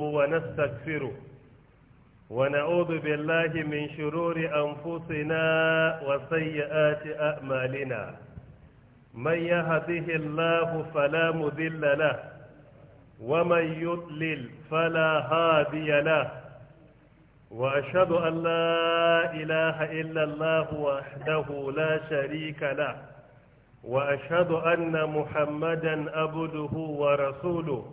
ونستغفره ونعوذ بالله من شرور أنفسنا وسيئات أعمالنا من يهده الله فلا مذل له ومن يضلل فلا هادي له وأشهد أن لا إله إلا الله وحده لا شريك له وأشهد أن محمدا أبده ورسوله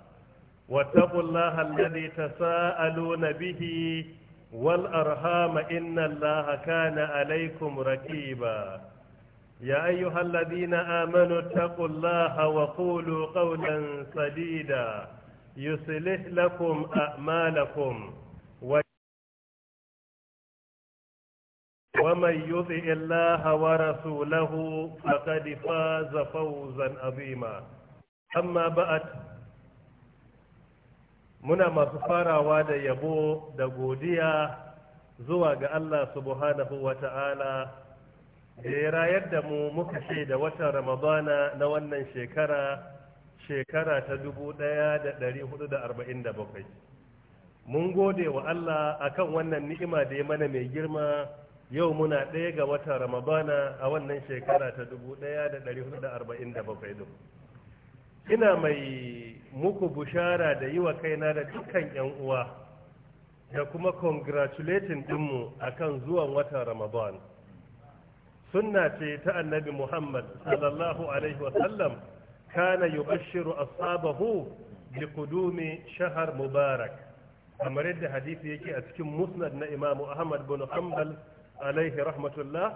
واتقوا الله الذي تساءلون به والأرحام إن الله كان عليكم ركيبا يا أيها الذين آمنوا اتقوا الله وقولوا قولا سديدا يصلح لكم أعمالكم ومن يطع الله ورسوله فقد فاز فوزا عظيما أما بعد muna masu farawa da yabo da godiya zuwa ga Allah subhanahu wa ta'ala da ya rayar da mu muka da watan ramabana na wannan shekara shekara ta 1447 mun gode wa Allah akan wannan ni'ima da ya mana mai girma yau muna ɗaya ga watan ramabana a wannan shekara ta 1447 ina mai muku bushara da yi wa kaina da dukkan 'yan uwa da kuma congratulating dinmu akan zuwan watan ramadan sunna ce ta annabi muhammad sallallahu alaihi wasallam kana yubashiru asabahu bi kudumi shahar mubarak kamar yadda hadisi yake a cikin musnad na imam ahmad bin hanbal alaihi rahmatullah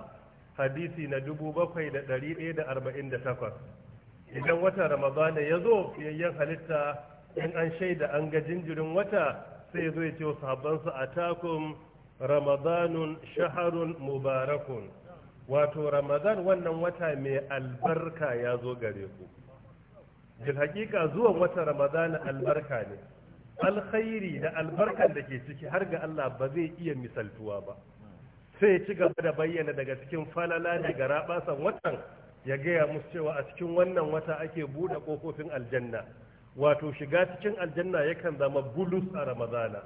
hadisi na 7148 idan wata ramadana ya zo fiyayyen halitta in an shaida an ga jinjirin wata sai zo ya ce wasu a takun ramadanun shaharun mubarakun wato ramadan wannan wata mai albarka ya zo gare ku bil hakika zuwan wata ramadana albarka ne alkhairi da albarkan da ke ciki har ga Allah ba zai iya misaltuwa ba sai ci gaba da bayyana daga cikin falala da garabasan watan ya gaya musu cewa a cikin wannan wata ake buɗe ƙofofin aljanna wato shiga cikin aljanna yakan zama bulus a ramadana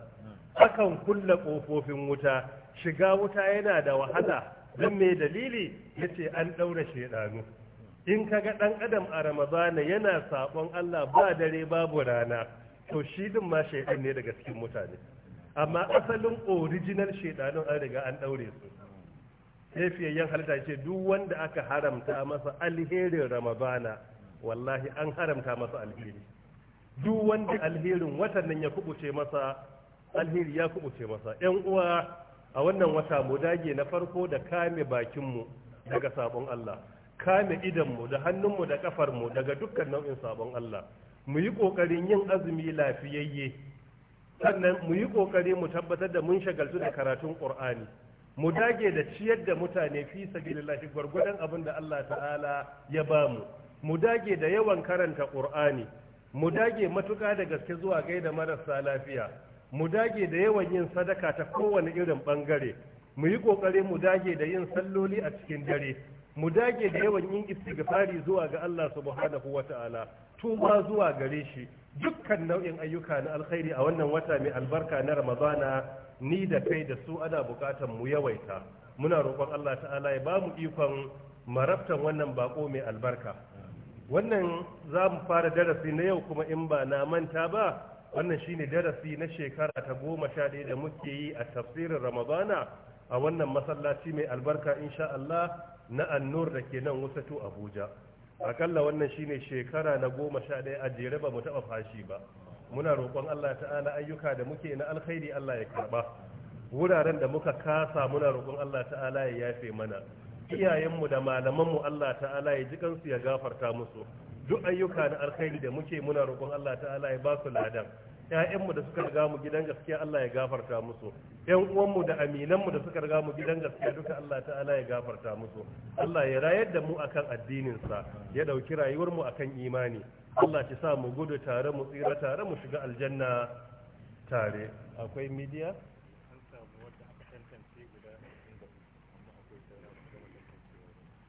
akan kulle ƙofofin wuta shiga wuta yana da wahala don mai dalili ya ce an ɗaura shaiɗanu. in ka ga ɗan adam a ramadana yana saƙon allah ba dare babu rana to shi din ma shaidan ne daga cikin mutane amma asalin orijinal shaidanun an riga an ɗaure su sai yan halitta ce duk wanda aka haramta masa alherin ramadana wallahi an haramta masa alheri duk wanda alherin watan nan ya kubuce masa alheri ya kubuce masa yan uwa a wannan wata mu dage na farko da kame bakinmu daga sabon Allah kame idanmu da hannunmu da kafarmu daga dukkan nau'in sabon Allah mu yi ƙoƙarin yin azumi lafiyayye sannan mu yi ƙoƙari mu tabbatar da mun shagaltu da karatun ƙur'ani mu dage da ciyar da mutane fi lillahi gwargwadon abin da Allah ta'ala ya ba mu mu dage da yawan karanta qur'ani mu dage matuƙa da gaske zuwa gaida marasa lafiya mu dage da yawan yin sadaka ta kowane irin bangare mu yi kokari mu dage da yin salloli a cikin dare mu dage da yawan yin istighfari zuwa ga Allah subhanahu wata'ala tuba zuwa gare shi dukkan nau'in ayyuka na alkhairi a wannan wata mai albarka na Ramadana ni da kai da su ana bukatan mu yawaita muna roƙon Allah ta'ala ya ba mu ikon marabtan wannan bako mai albarka wannan za mu fara darasi na yau kuma in ba na manta ba wannan shine darasi na shekara ta goma sha ɗaya da muke yi a tafsirin ramadana a wannan masallaci mai albarka insha Allah na annur da ke nan wasatu abuja akalla wannan shine shekara na goma sha ɗaya a jere ba mu taɓa fashi ba muna roƙon Allah ta'ala ayyuka da muke na alkhairi Allah ya karɓa. wuraren da muka kasa muna roƙon Allah ta'ala ya yafe mana iyayenmu da malamanmu Allah ta'ala ya ji kansu ya gafarta musu duk ayyuka na alkhairi da muke muna roƙon Allah ta'ala ya ba su ladan ƴaƴanmu da suka riga mu gidan gaskiya Allah ya gafarta musu ƴan uwanmu da aminanmu da suka riga mu gidan gaskiya duka Allah ta'ala ya gafarta musu Allah ya rayar da mu akan addinin sa ya dauki rayuwar mu akan imani Allah ya sa mu gudu tare mu tsira tare mu shiga aljanna tare akwai media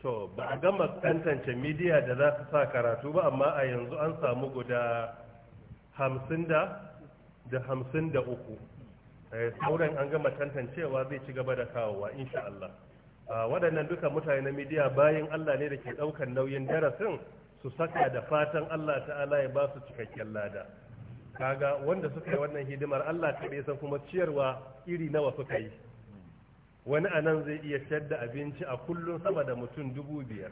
to ba a gama tantance midiya da za su sa karatu ba amma a yanzu an samu guda hamsin da da hamsin da uku eh, sauran an gama tantancewa zai ci gaba da kawowa insha Allah ah, waɗannan duka mutane na midiya bayan Allah ne da ke ɗaukar nauyin darasin su saka da fatan Allah ta'ala ya ba su cikakken lada kaga wanda suka yi wannan hidimar Allah ta san kuma ciyarwa iri nawa suka yi wani anan zai iya ciyar da abinci a kullum sama da mutum dubu biyar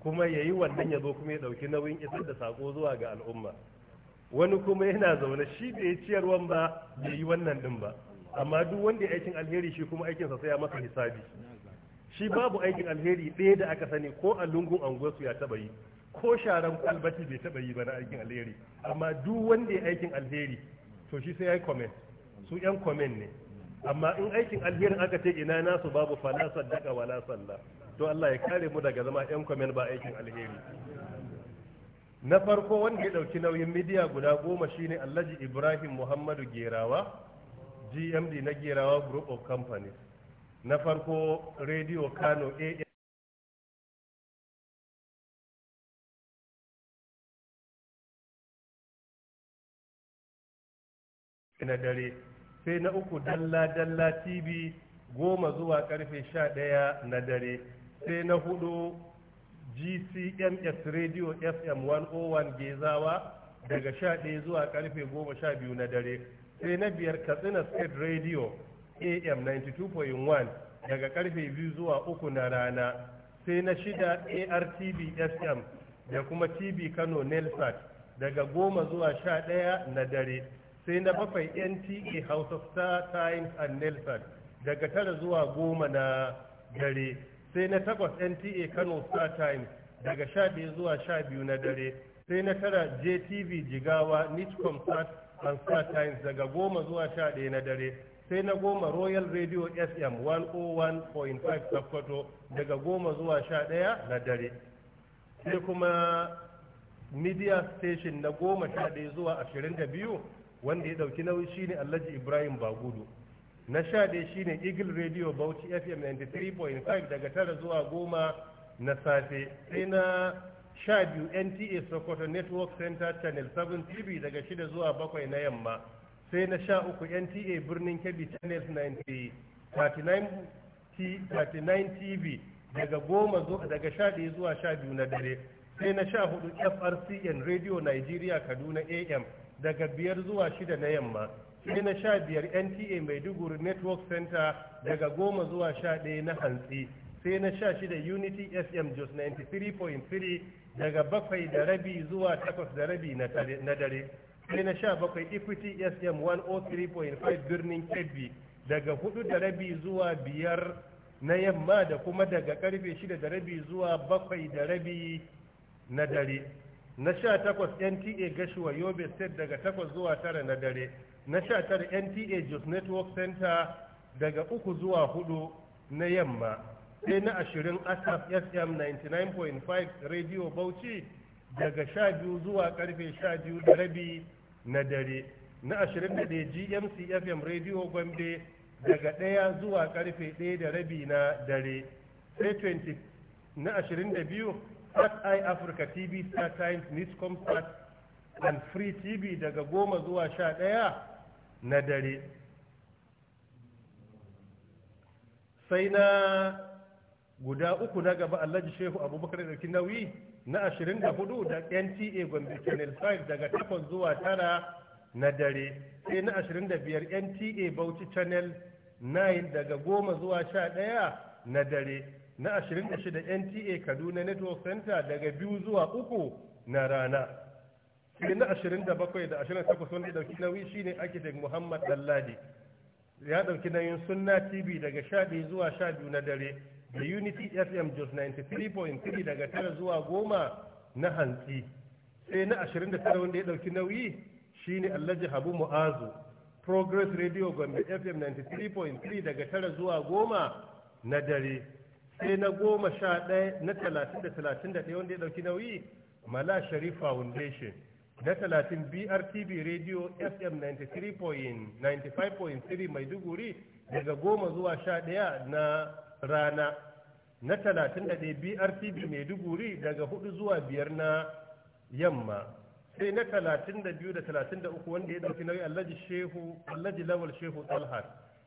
kuma ya yi wannan ya zo kuma ya ɗauki nauyin isar da sako zuwa ga al'umma wani kuma yana zaune shi da ya ciyarwan ba bai yi wannan din ba amma duk wanda ya aikin alheri shi kuma aikinsa sai ya masa hisabi shi babu aikin alheri ɗaya da aka sani ko a lungun anguwarsu ya taɓa yi ko sharan kwalbati bai taɓa yi ba na aikin alheri amma duk wanda ya aikin alheri to shi sai ya yi comment su yan comment ne amma in aikin alherin aka ce ina nasu babu fala saddaka wala sallah to Allah ya kare mu daga zama yan comment ba aikin alheri na farko wanda ya ɗauki nauyin midiya guda goma shine alhaji ibrahim muhammadu gerawa gmd na gerawa group of companies na farko radio kano a na dare sai na uku dalla-dalla tv goma zuwa karfe sha ɗaya na dare sai na hudu gcms radio fm 101 gezawa daga 11 zuwa karfe 12 na dare sai na biyar katsina state radio am 92.1 daga karfe 2 zuwa 3 na rana sai na shida artb fm da kuma tv kano nelsat daga 10 zuwa 11 na dare sai na bakwai nta house of star times and nelsat daga 9 zuwa 10 na dare sai na takwas nta kano star time daga sha biyu zuwa sha biyu na dare sai na tara jtv jigawa nitcom sat and star times daga goma zuwa sha ɗaya na dare sai na goma royal radio fm 101.5 sakkwato daga goma zuwa sha ɗaya na dare sai kuma media station na goma sha ɗaya zuwa ashirin da biyu wanda ya ɗauki nauyi shine alhaji ibrahim bagudu na sha ɗaya shine eagle radio bauchi fm 93.5 daga tara zuwa goma na safe sai na sha biyu nta sokoto network center channel 7 tv daga shida zuwa bakwai na yamma sai na sha uku nta birnin kebbi channel 39 tv daga goma daga sha ɗaya zuwa sha biyu na dare sai na sha hudu frcn radio nigeria kaduna am daga biyar zuwa shida na yamma sai na sha biyar nta maiduguri network center daga goma zuwa sha ɗaya na hantsi sai na sha shida unity sm jos 93.3 daga bakwai da rabi zuwa takwas da rabi na dare sai na sha bakwai equity sm 103.5 birnin kebbi daga hudu da rabi zuwa biyar na yamma da kuma daga karfe shida da rabi zuwa bakwai da rabi na dare na sha takwas nta gashuwa yobe state daga takwas zuwa tara na dare na 19 nta jos network center daga uku zuwa hudu na yamma sai na ashirin asaf sm 99.5 radio bauchi daga sha biyu zuwa karfe sha biyu da rabi na dare na ashirin da gmc fm radio gombe daga ɗaya zuwa karfe ɗaya da rabi na dare sai 20 na ashirin da biyu i africa tv star times Sat and free tv daga goma zuwa sha ɗaya na dare sai na guda uku na gaba alhaji shehu abubakar ɗauki nauyi na ashirin da hudu da nta gombe channel 5 daga takwas zuwa tara na dare sai na ashirin da biyar nta bauchi channel 9 daga goma zuwa sha ɗaya na dare na ashirin da shida nta kaduna network center daga biyu zuwa uku na rana sai na 27 da 28 wanda dauki nauyi shine da Muhammad Dalladi ya dauki nauyin Sunna TV daga 11 zuwa 12 na dare da Unity FM Jos 93.3 daga 9 zuwa 10 na hantsi sai na 29 wanda ya dauki nauyi shine Alhaji Habu Mu'azu Progress Radio Gombe FM 93.3 daga 9 zuwa 10 na dare sai na goma sha ɗaya na talatin da talatin da ɗaya wanda ya ɗauki nauyi mala sharif foundation na talatin brtv radio fm 93.95.3 maiduguri daga goma zuwa sha ɗaya na rana na talatin da ɗaya maiduguri daga hudu zuwa biyar na yamma sai na talatin da biyu wanda ya ɗauki nauyi alhaji shehu alhaji lawal shehu talhar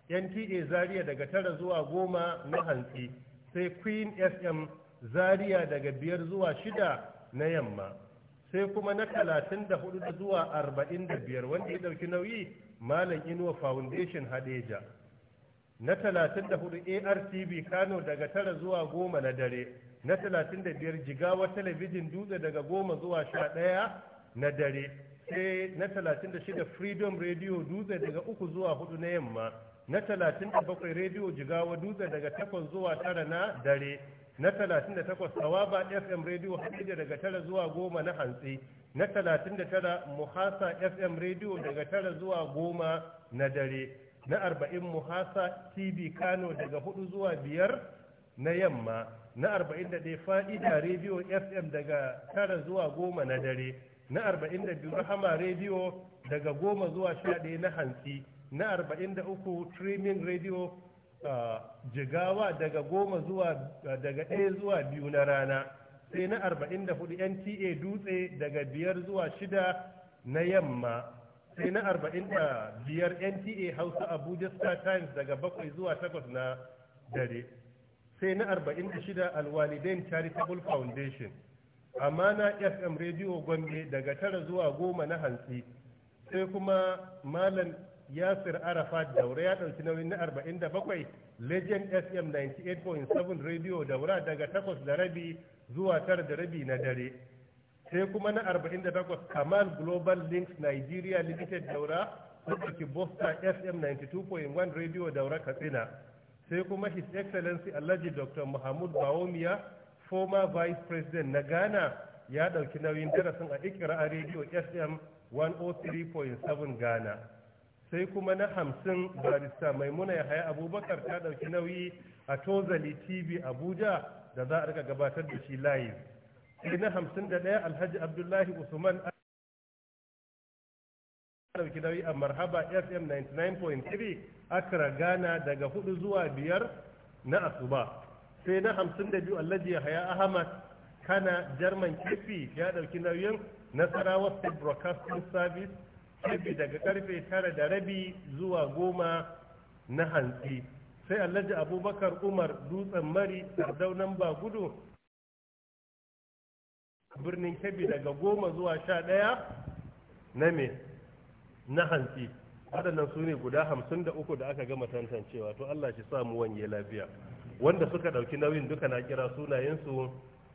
nta zaria daga tara zuwa goma na hantsi sai queen fm zaria daga biyar zuwa shida na yamma sai kuma na talatin da hudu zuwa arba'in da biyar wanda ya dauki nauyi malam inuwa foundation hadeja na talatin da hudu artv kano daga tara zuwa goma na dare na talatin da biyar jigawa talabijin dutse daga goma zuwa sha ɗaya na dare sai na talatin da shida freedom radio dutse daga uku zuwa hudu na yamma na talatin da bakwai radio jigawa dutse daga takwas zuwa tara na dare na 38 sawaba fm radio hadija daga tara zuwa goma na hantsi na 39 muhasa fm radio daga tara zuwa goma na dare na 40 muhasa tv kano daga hudu zuwa biyar na yamma na 41 fa'ida radio fm daga tara zuwa goma na dare na 42 rahama radio daga goma zuwa sha na hantsi na 43 streaming radio jigawa daga goma zuwa daga ɗaya zuwa biyu na rana sai na arba'in da hudu nta dutse daga biyar zuwa shida na yamma sai na arba'in da biyar nta hausa abuja star times daga bakwai zuwa takwas na dare sai na arba'in da shida alwalidain charitable foundation amma na fm radio gombe daga tara zuwa goma na hantsi sai kuma malam yasir arafat daura ya ɗauki nauyin na 47 legend sm 98.7 radio daura daga 8 da rabi zuwa 9 da rabi na dare sai kuma na 48 kamal global links nigeria limited daura sun ɗauki bosta fm 92.1 radio daura katsina sai kuma his excellency alhaji dr muhammad Bawomiya, former vice president na ghana ya ɗauki nauyin darasin a ikira a radio fm 103.7 ghana sai kuma na hamsin barista maimuna ya haya abubakar ta ɗauki nauyi a tozali tv abuja da za a rika gabatar da shi layi sai na hamsin da ɗaya alhaji abdullahi usman ɗauki nauyi a marhaba fm 99.3 akra ghana daga hudu zuwa biyar na asuba sai na hamsin da biyu alhaji ya haya ahmad kana Jerman kifi ya ɗauki nauyin nasarawa state broadcasting service karfe daga karfe tara da rabi zuwa goma na hantsi sai alhaji abubakar umar dutsen mari sardaunan gudu birnin kebbi daga goma zuwa sha ɗaya na me na hantsi waɗannan su ne guda hamsin da uku da aka gama tantancewa to allah shi samu wanye lafiya wanda suka ɗauki nauyin duka na kira sunayensu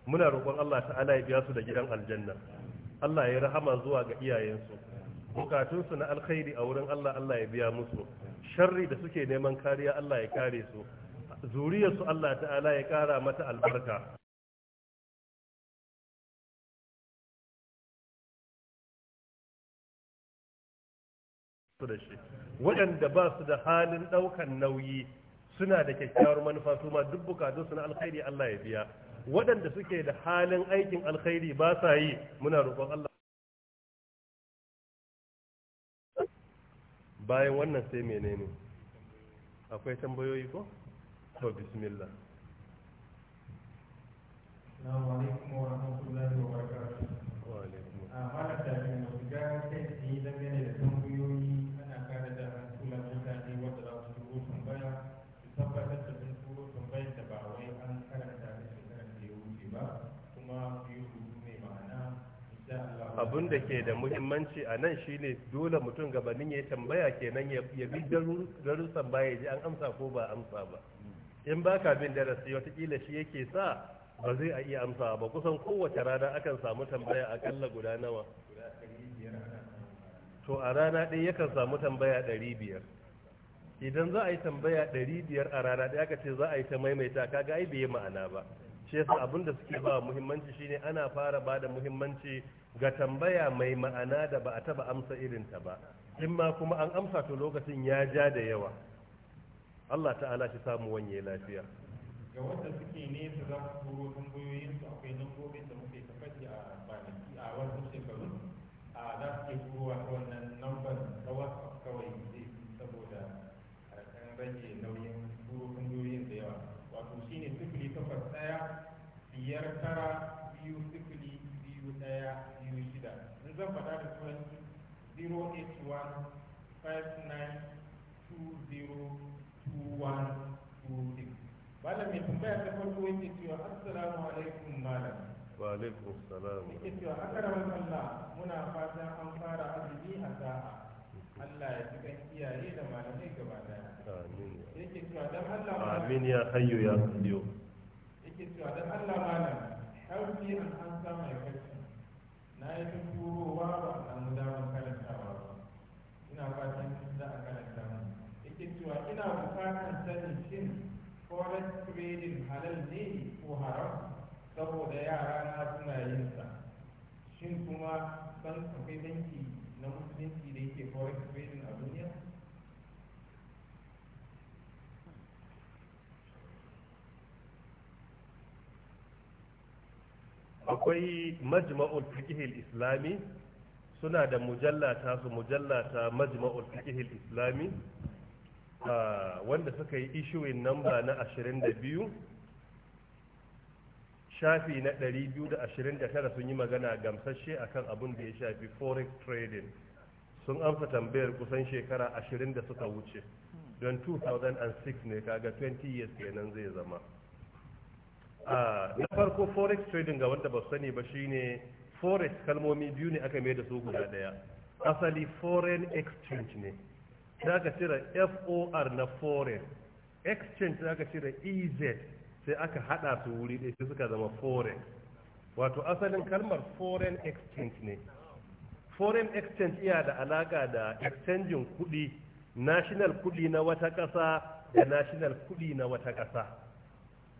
muna roƙon allah ta'ala ya biya su da gidan aljanna allah ya rahama zuwa ga iyayensu bukatunsu na alkhairi a wurin Allah Allah ya biya musu sharri da suke neman kariya Allah ya kare su zuriyarsu Allah ta'ala ya kara mata albarka waɗanda ba su da halin ɗaukan nauyi suna da kyakkyawar manufa su ma duk bukatunsu na alkhairi Allah ya biya waɗanda suke da halin aikin alkhairi ba sa yi muna roƙon Allah bayan wannan sai menene akwai tambayoyi ko? to bismillah. Assalamu alaikum wa rahmatullahi abin da ke da muhimmanci a nan shine dole mutum gabanin ya tambaya kenan ya bi darussan baya ji an amsa ko ba amsa ba in ba ka bin darasi watakila shi yake sa ba zai a iya amsa ba kusan kowace rana akan samu tambaya akalla guda nawa to a rana ɗaya yakan samu tambaya ɗari biyar idan za a yi tambaya ɗari biyar a rana ɗaya aka ce za a yi ta maimaita kaga ai bai yi ma'ana ba shi yasa abin da suke ba muhimmanci shine ana fara ba da muhimmanci ga tambaya mai ma'ana da ba a taba amsa irin ta ba in ma kuma an amsa to lokacin ya ja da yawa Allah ta'ala shi samu wanye lafiya ga wanda suke ne su za su turo tambayoyin su akwai lambobin da muke tafaji a kwanaki a wasu shekaru a za su ke turo wannan lambar ta wasu 081 592026 malam tambaya ta farko yake cewa assalamu alaikum malam wa alaikum salam yake cewa Allah muna fatan an fara azumi a sa'a Allah ya ji kan iyaye da malamai gaba daya amin yake cewa dan Allah amin ya hayyo ya qayyum yake cewa dan Allah malam an an na yi turowa ba an ina fatan za a karanta mu yake cewa ina bukatan sanin shin forex trading halal ne ko haram saboda yara na suna yin sa shin kuma san akwai banki na musulunci da yake forex trading a duniya akwai majma'ul fiqh islami suna da mujalla ta su mujalla ta majma'ul fiqh islami wanda suka yi issuing namba na 22 shafi na 229 sun yi magana gamsashe akan abun da ya shafi forex trading sun amsa tambayar kusan shekara 20 da suka wuce don 2006 ne kaga 20 years kenan zai zama na farko forex trading ga wanda ba sani ba shine forex kalmomi biyu ne aka mai da su guda daya asali foreign exchange ne za ka cire for na foreign exchange za ka cire ez sai aka e hada su wuri ɗaya sai suka zama foreign wato asalin kalmar foreign exchange ne foreign exchange iya da alaka da exchanging kuɗi national kuɗi na wata ƙasa da national kuɗi na wata ƙasa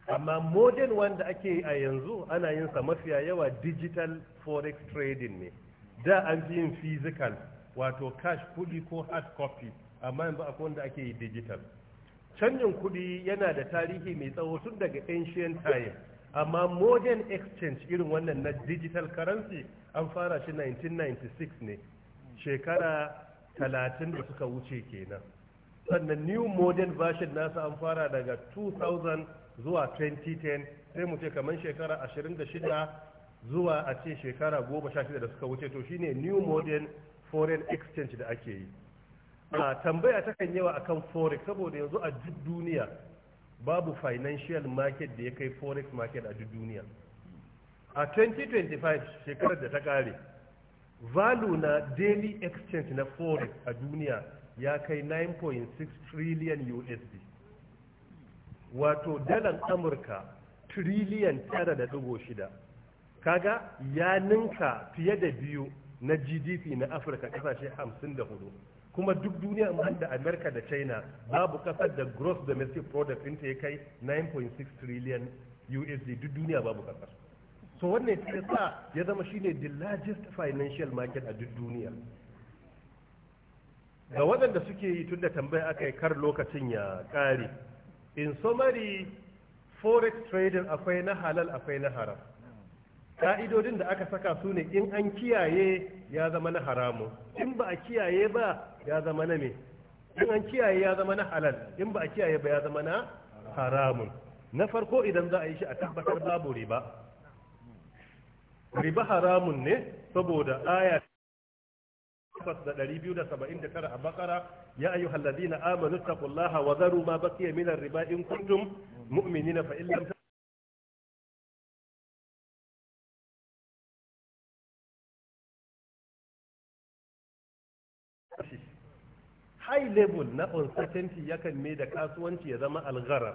amma modern wanda ake a yanzu ana yin sa mafiya yawa digital forex trading ne da an fi yin physical wato cash kudi ko hard copy amma yanzu akwai wanda ake yi digital canjin kudi yana da tarihi mai tsawo tun daga ancient time amma modern exchange irin wannan na digital currency an fara shi 1996 ne shekara 30 da suka wuce kenan sannan new modern version nasa an fara daga 2000 zuwa 2010 sai mu ce kamar shekara 26 zuwa a ce shekara 16 da suka wuce to shine new modern foreign exchange da ake yi a tambaya ta kan yawa akan forex saboda yanzu a duk duniya babu financial market da ya kai forex market a duk duniya a 2025 shekarar da ta kare value na daily exchange na forex a duniya ya kai 9.6 trillion usd wato dalan amurka tiriliyan tara da kaga ya ninka fiye da biyu na gdp na afirka kasashe hamsin kuma duk duniya in da amerika da china babu kasar da gross domestic product ɗinta ya kai 9.6 trillion usd duk duniya babu kasar so wannan ya sa ya zama shine the largest financial market a duk duniya ga waɗanda suke yi tun da tambaya aka yi kar lokacin ya ƙare in summary forex trading akwai na halal akwai na haram ka'idodin da aka saka su ne in an kiyaye ya zama na haramu in ba a kiyaye ba ya zama na me in an kiyaye ya zama na halal in ba a kiyaye ba ya zama na haramun na farko idan za a yi shi a tabbatar babu riba riba haramun ne saboda aya tara a bakara ya ayu na amanu taqullaha wa dharu ma baqiya min riba in kuntum mu'minina na in high level na uncertainty yakan mai da kasuwanci ya zama algara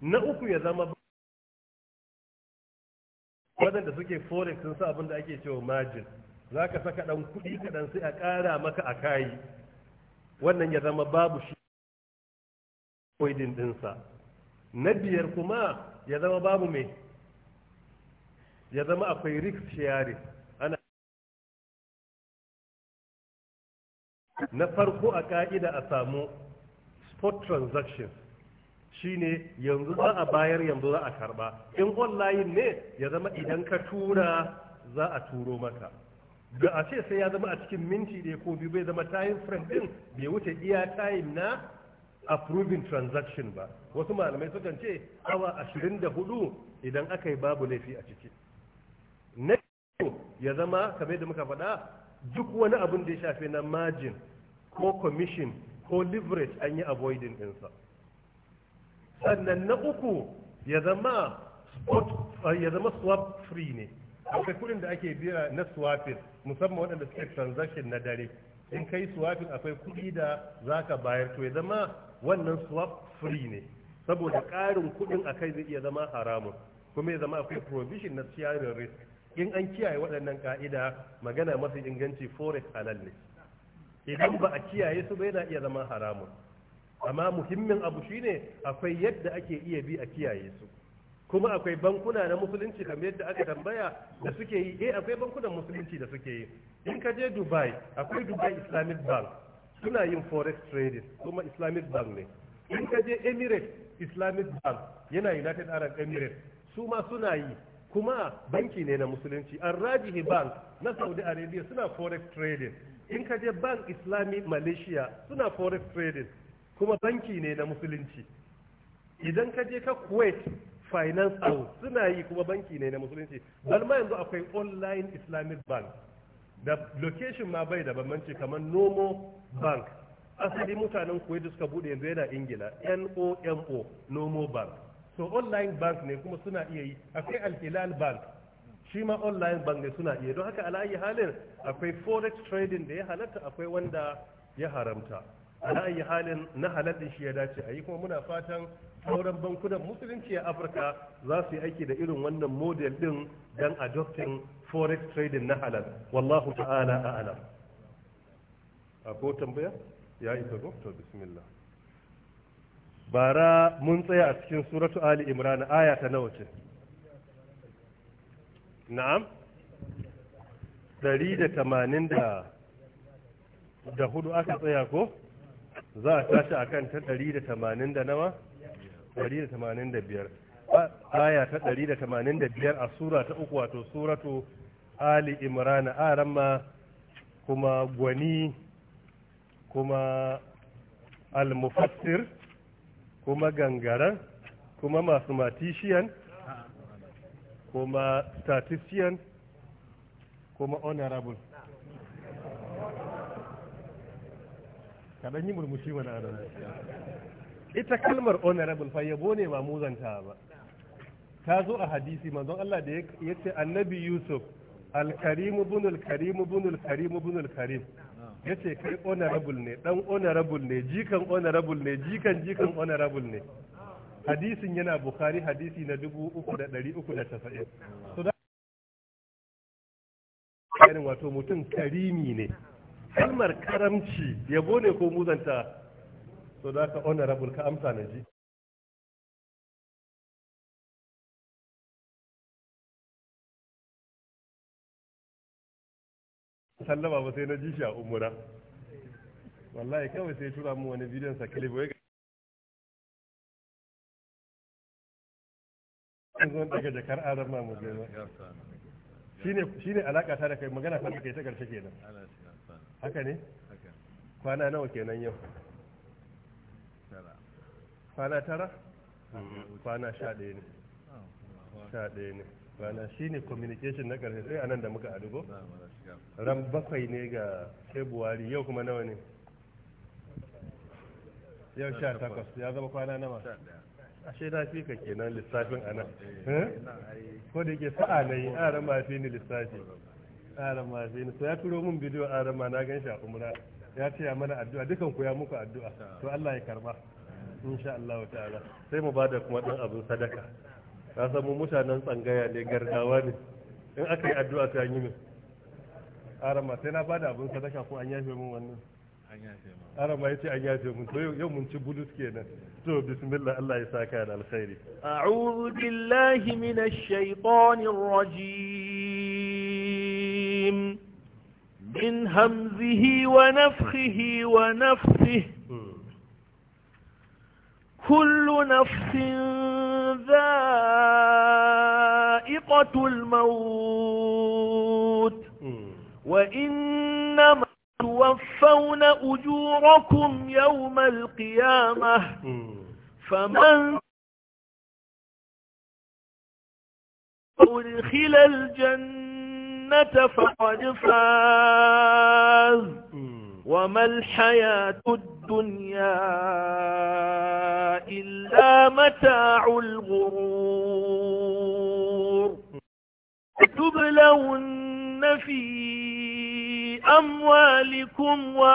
na uku ya zama waɗanda suke forex sun sa abin da ake cewa margin za ka saka ɗan kuɗi kaɗan sai a ƙara maka a kayi wannan ya zama babu shi koidin ɗinsa na biyar kuma ya zama babu mai ya zama akwai risk sharing ana na farko a ƙa'ida a samu spot transaction shine yanzu za a bayar yanzu za a karɓa. in online ne ya zama idan ka tura za a turo maka da a ce sai ya zama a cikin minti ɗaya ko biyu bai zama time frame din bai wuce iya time na approving transaction ba wasu malamai sukan ce awa 24 idan aka yi babu laifi a ciki na ya zama kamar da muka faɗa duk wani abun da ya shafe na margin ko commission ko leverage an yi avoiding ɗinsa sannan na uku ya zama ya zama swap free ne akwai kuɗin da ake biya na swapping musamman waɗanda suke transaction na dare in kai swapping akwai kuɗi da zaka bayar to ya zama wannan swap free ne saboda ƙarin kuɗin a kai zai iya zama haramun kuma ya zama akwai provision na sharing risk in an kiyaye waɗannan ka'ida magana mafi inganci forex halal ne idan ba a kiyaye su ba yana iya zama haramun amma muhimmin abu shine akwai yadda ake iya bi a kiyaye su kuma akwai bankuna na musulunci kamar yadda aka tambaya da suke yi eh akwai bankunan musulunci da suke yi in ka je dubai akwai dubai islamic bank suna yin forex trading kuma islamic bank ne in ka je emirates islamic bank yana united arab emirates su ma suna yi kuma banki ne na musulunci Al-Rajihi bank na saudi arabia suna forex trading in ka je bank islamic malaysia suna forex trading kuma banki ne na musulunci idan ka je ka kuwait finance house suna yi kuma banki ne na musulunci bal ma yanzu akwai online islamic bank da location ma bai da bambanci kamar nomo bank asali mutanen kuwait da suka bude yanzu yana ingila nomo nomo bank so online bank ne kuma suna iya yi akwai alhilal bank shi ma online bank ne suna iya don haka ala'ayi halin akwai forex trading da ya halatta akwai wanda ya haramta ala'ayi halin na halattun shi ya dace a yi kuma muna fatan sauran bankunan musulunci a afirka za su yi aiki da irin wannan model din don adopting forex trading na halal wallahu ta'ala a alam a ko tambaya ya isa ta to bismillah bara mun tsaya a cikin suratu ali imran aya ta nawa ce na'am Dari da da hudu aka tsaya ko za a tashi akan ta 180 da nawa aya ta 185 a sura ta uku wato suratu ali imran aramma kuma gwani kuma almufassir kuma gangaran kuma mathematician kuma statistician kuma honorable kaɗan yi murmushi wani adana ita kalmar honorable fa yabo ne ba muzanta ba ta zo a hadisi manzon Allah da ya ce annabi Yusuf alkarimu bunul karimu bunul karimu bunul karim ya ce kai honorable ne dan honorable ne jikan honorable ne jikan jikan honorable ne hadisin yana bukari hadisi na 3,390 so da wato mutum karimi ne kalmar karamci yabo ne ko muzanta so da ka ona rabul ka amsa na ji sallama ba sai na ji shi a umura wallahi kawai sai tura mu wani bidiyon sa clip wai zan daga jakar adam ma mu je shine shine alaka ta da kai magana fa kai ta karshe kenan haka ne kwana nawa kenan yau kwana tara mm-hmm. kwana sha ɗaya ne sha ɗaya ne kwana shi ne communication na ƙarshe sai anan da muka adugo ran bakwai ne ga february yau kuma nawa ne yau sha takwas ya zama kwana nawa ashe na fi ka kenan lissafin anan eh, eh? ko da yake sa'a na yi aran ma fi ni lissafi aran ma fi ni so ya turo min bidiyo aran ma na gan shi a umra ya ce mana addu'a dukan ku ya muku addu'a to Allah ya karba insha Allah wa ta'ala sai mu bada kuma dan abin sadaka ka san mu mutanen tsangaya ne gargawa ne in aka yi addu'a ta yi min arama sai na bada abin sadaka ko an yafe mun wannan arama yace an yafe mun to yau mun ci bulus kenan to bismillah Allah ya saka da alkhairi a'udhu billahi minash shaitanir rajim min hamzihi wa nafthihi wa nafthihi hmm. كل نفس ذائقة الموت وإنما توفون أجوركم يوم القيامة فمن أدخل الجنة فقد فاز وما الحياة الدنيا إلا متاع الغرور تبلون في أموالكم و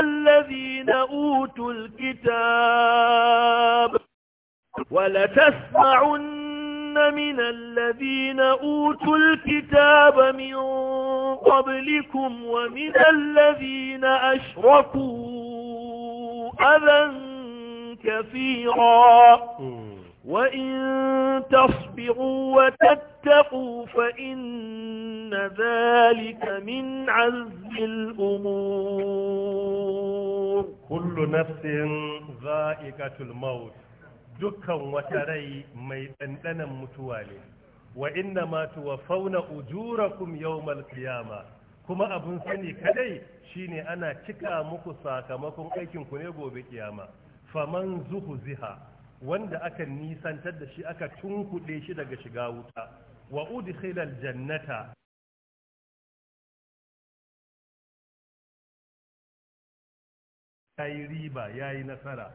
الذين أوتوا الكتاب ولتسمعن مِنَ الَّذِينَ أُوتُوا الْكِتَابَ مِنْ قَبْلِكُمْ وَمِنَ الَّذِينَ أَشْرَكُوا أَذًى كَثِيرًا وَإِن تَصْبِرُوا وَتَتَّقُوا فَإِنَّ ذَلِكَ مِنْ عز الْأُمُورِ كُلُّ نَفْسٍ ذَائِقَةُ الْمَوْتِ dukkan wata rai mai ɗanɗanan mutuwa ne wa inna ma tuwaffawna ujurakum yawmal qiyama kuma abun sani kadai shine ana cika muku sakamakon aikin ku ne gobe kiyama faman ziha. wanda aka nisantar da shi aka tunkuɗe shi daga shiga wuta wa udkhila jannata yayi riba yayi nasara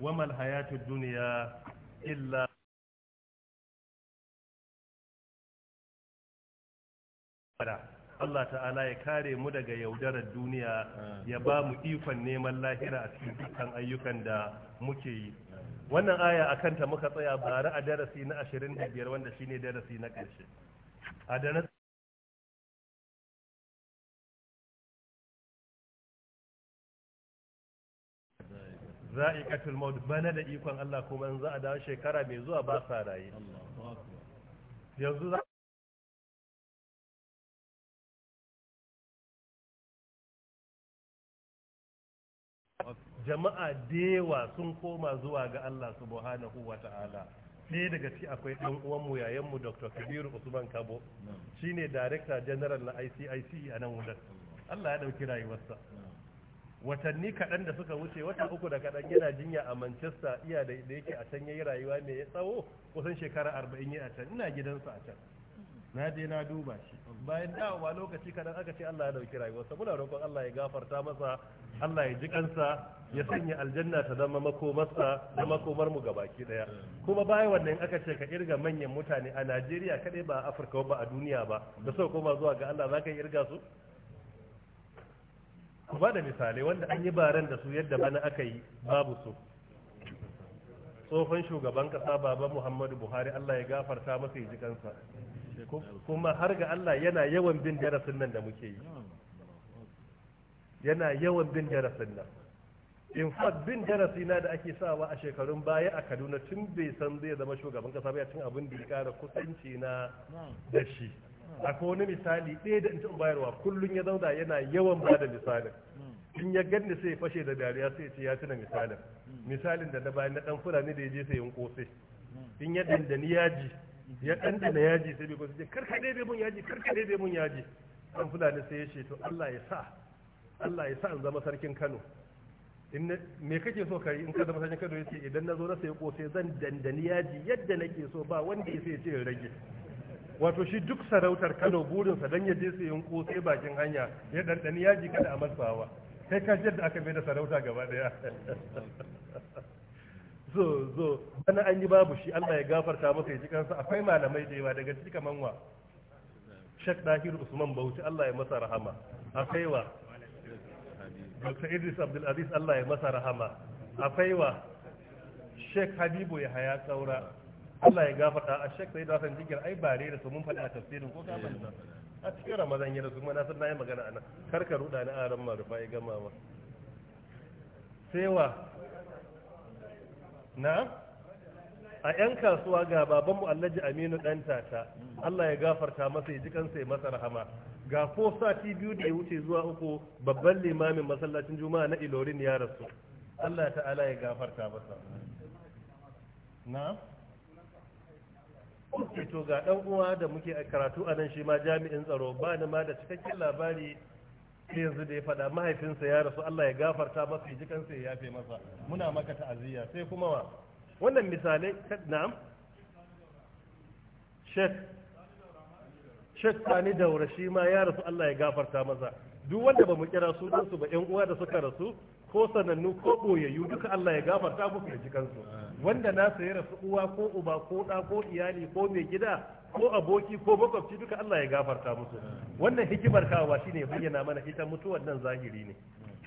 وما الحياة الدنيا إلا Allah ta'ala ya kare mu daga yaudarar duniya ya ba mu ikon neman lahira a cikin dukkan ayyukan da muke yi wannan aya a kanta muka tsaya bara a darasi na 25 wanda shine darasi na ƙarshe a darasi za'iqatul maut bana da ikon Allah kuma in za a dawo shekara mai zuwa ba sa raye yanzu za jama'a dewa sun koma zuwa ga Allah subhanahu wa ta'ala ɗaya daga ci akwai ɗan uwanmu yayanmu dr kabiru usman kabo shine director general na icic e a nan wudan allah ya ɗauki rayuwarsa watanni kaɗan da suka wuce wata uku da kaɗan yana jinya a manchester iya da yake a can yayi rayuwa ya tsawo kusan shekara arba'in yi a can ina gidansa a can na je na duba shi bayan dawowa lokaci kaɗan aka ce allah ya ɗauki rayuwarsa muna roƙon allah ya gafarta masa allah ya ji kansa ya sanya aljanna ta zama makomarsa da makomar mu gabaki ɗaya kuma bayan wannan aka ce ka irga manyan mutane a najeriya kaɗai ba a afirka ba a duniya ba da sau koma zuwa ga allah za ka irga su ku ba da misalai wanda an yi baran da su yadda bana aka yi babu su tsohon shugaban kasa baba muhammadu buhari allah ya gafarta masa ya ji kuma har ga allah yana yawan bin darasin nan da muke yi yana yawan bin darasin nan in fact bin darasi na da ake sawa a shekarun baya a kaduna tun bai san zai zama shugaban kasa ba ya cin abin da ya kara kusanci na da shi akwai wani misali ɗaya da in bayarwa kullum ya zauna yana yawan ba da misalin in ya ganni sai ya fashe da dariya sai ya ce ya tuna misalin misalin da na bayan na ɗan fulani da ya je sayan kose in ya dandani yaji ya dandana yaji sai bai kose karka dai mun yaji karka dai mun yaji ɗan fulani sai ya ce to Allah ya sa Allah ya sa in zama sarkin Kano me kake so kai in ka zama sarkin Kano yace idan na zo na ko sai zan dandani yaji yadda nake so ba wanda ya sai ya ce rage wato shi duk sarautar kano burinsa don ya je sayan kosai bakin hanya ya ɗanɗani ji kada a matsawa kai ka da aka mai da sarauta gaba daya zo zo bana an yi babu shi Allah ya gafarta masa ya ji kansa akwai malamai da yawa daga cikin manwa. shek Sheikh Dahir Usman Bauchi Allah ya masa rahama akwai wa Dr. Idris Abdul Aziz Allah ya masa rahama akwai wa Sheikh Habibu Yahaya saura Allah ya gafarta a shek sai da san jigir ai bare da su mun faɗi a tafsirin ko ka eh. a cikin ramadan ya rasu mana sun nayi magana anan kar ka ruda ni aran ma rufa ya gama ba sai wa na a 'yan kasuwa ga babanmu alhaji aminu dan tata allah ya gafarta masa ya ji kansa ya masa rahama ga ko sati biyu da ya wuce zuwa uku babban limamin masallacin juma'a na ilorin ya rasu allah ta'ala ya gafarta masa Na'am. to ga dan uwa da muke karatu a nan shi ma jami'in tsaro ba ni ma da cikakken labari yanzu da ya faɗa mahaifinsa ya rasu Allah ya gafarta masa ji kansa ya yafe masa muna maka ta'aziyya sai kuma wa wannan misalai na'am Sheikh Sheikh Sani Daura shi ma ya rasu Allah ya gafarta masa duk wanda ba mu kira sunansu ba yan uwa da suka rasu ko sanannu ko boyayyu duka Allah ya gafarta muku da jikansu. wanda na ya rasu uwa ko uba ko da ko iyali ko mai gida ko aboki ko makwabci duka Allah ya gafarta musu wannan hikimar kawa shine ya bayyana mana ita mutuwar nan zahiri ne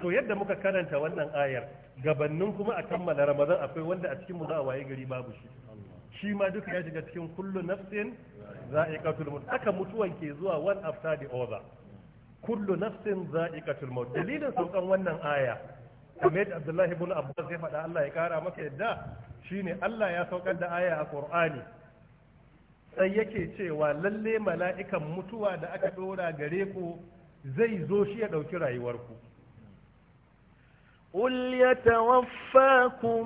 to yadda muka karanta wannan ayar gabannin kuma a kammala ramadan akwai wanda a cikin mu za a waye gari babu shi shi ma duka ya shiga cikin kullu nafsin za'iqatul maut aka mutuwan ke zuwa one after the other kullu nafsin za'iqatul maut dalilin saukan wannan aya kamar yadda Abdullahi ibn Abbas ya faɗa Allah ya kara maka yadda shine Allah ya saukar da aya a Qur'ani sai yake cewa lalle mala'ikan mutuwa da aka dora gare ku zai zo shi ya ɗauki rayuwarku قل يتوفاكم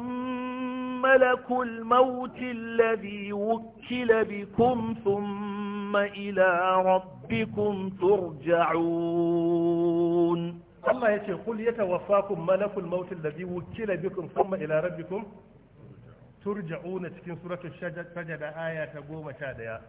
ملك الموت الذي وكل بكم ثم إلى ربكم ترجعون Allah ya ce kul wafakun malakul da zai wukila bikin thumma ila rabbikum turja'una cikin suratul sajada aya ta daya.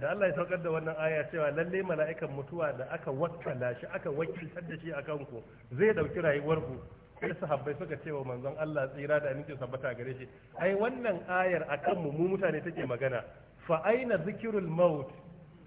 da Allah ya saukar da wannan aya cewa lalle mala'ikan mutuwa da aka wakkala shi aka wakiltar da shi akan ku zai dauki rayuwar ku sai sahabbai suka ce wa manzon Allah tsira da amincin sabbata gare shi ai wannan ayar a kanmu mu mutane take magana fa aina zikrul maut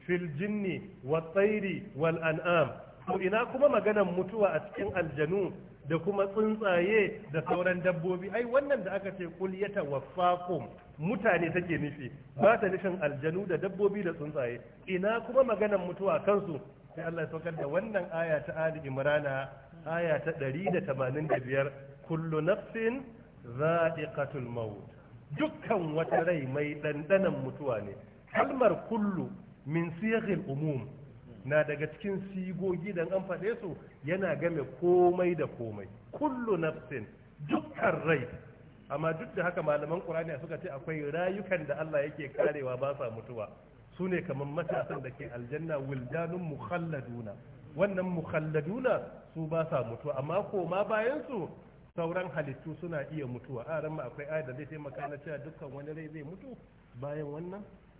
fil jinni wat tayri wal an'am to ina kuma maganan mutuwa a cikin aljanu da kuma tsuntsaye da sauran dabbobi ai wannan da aka ce kul ya tawaffakum mutane take nufi ba ta nufin aljanu da dabbobi da tsuntsaye ina kuma maganan mutuwa kansu sai Allah ya saukar da wannan aya ta Ali Imran aya ta 185 kullu nafsin za'iqatul maut dukkan wata rai mai dandanan mutuwa ne kalmar kullu min siyaghil umum na daga cikin sigogi dan an faɗe su yana game komai da komai kullu nafsin dukkan rai amma duk da haka malaman qur'ani suka ce akwai rayukan da Allah yake karewa ba sa mutuwa su ne kamar matasan da ke aljanna wildanun mukhalladuna wannan mukhalladuna su ba sa mutuwa amma ko ma bayan su sauran halittu suna iya mutuwa a ran ma akwai ayat da zai taimaka na cewa dukkan wani rai zai mutu bayan wannan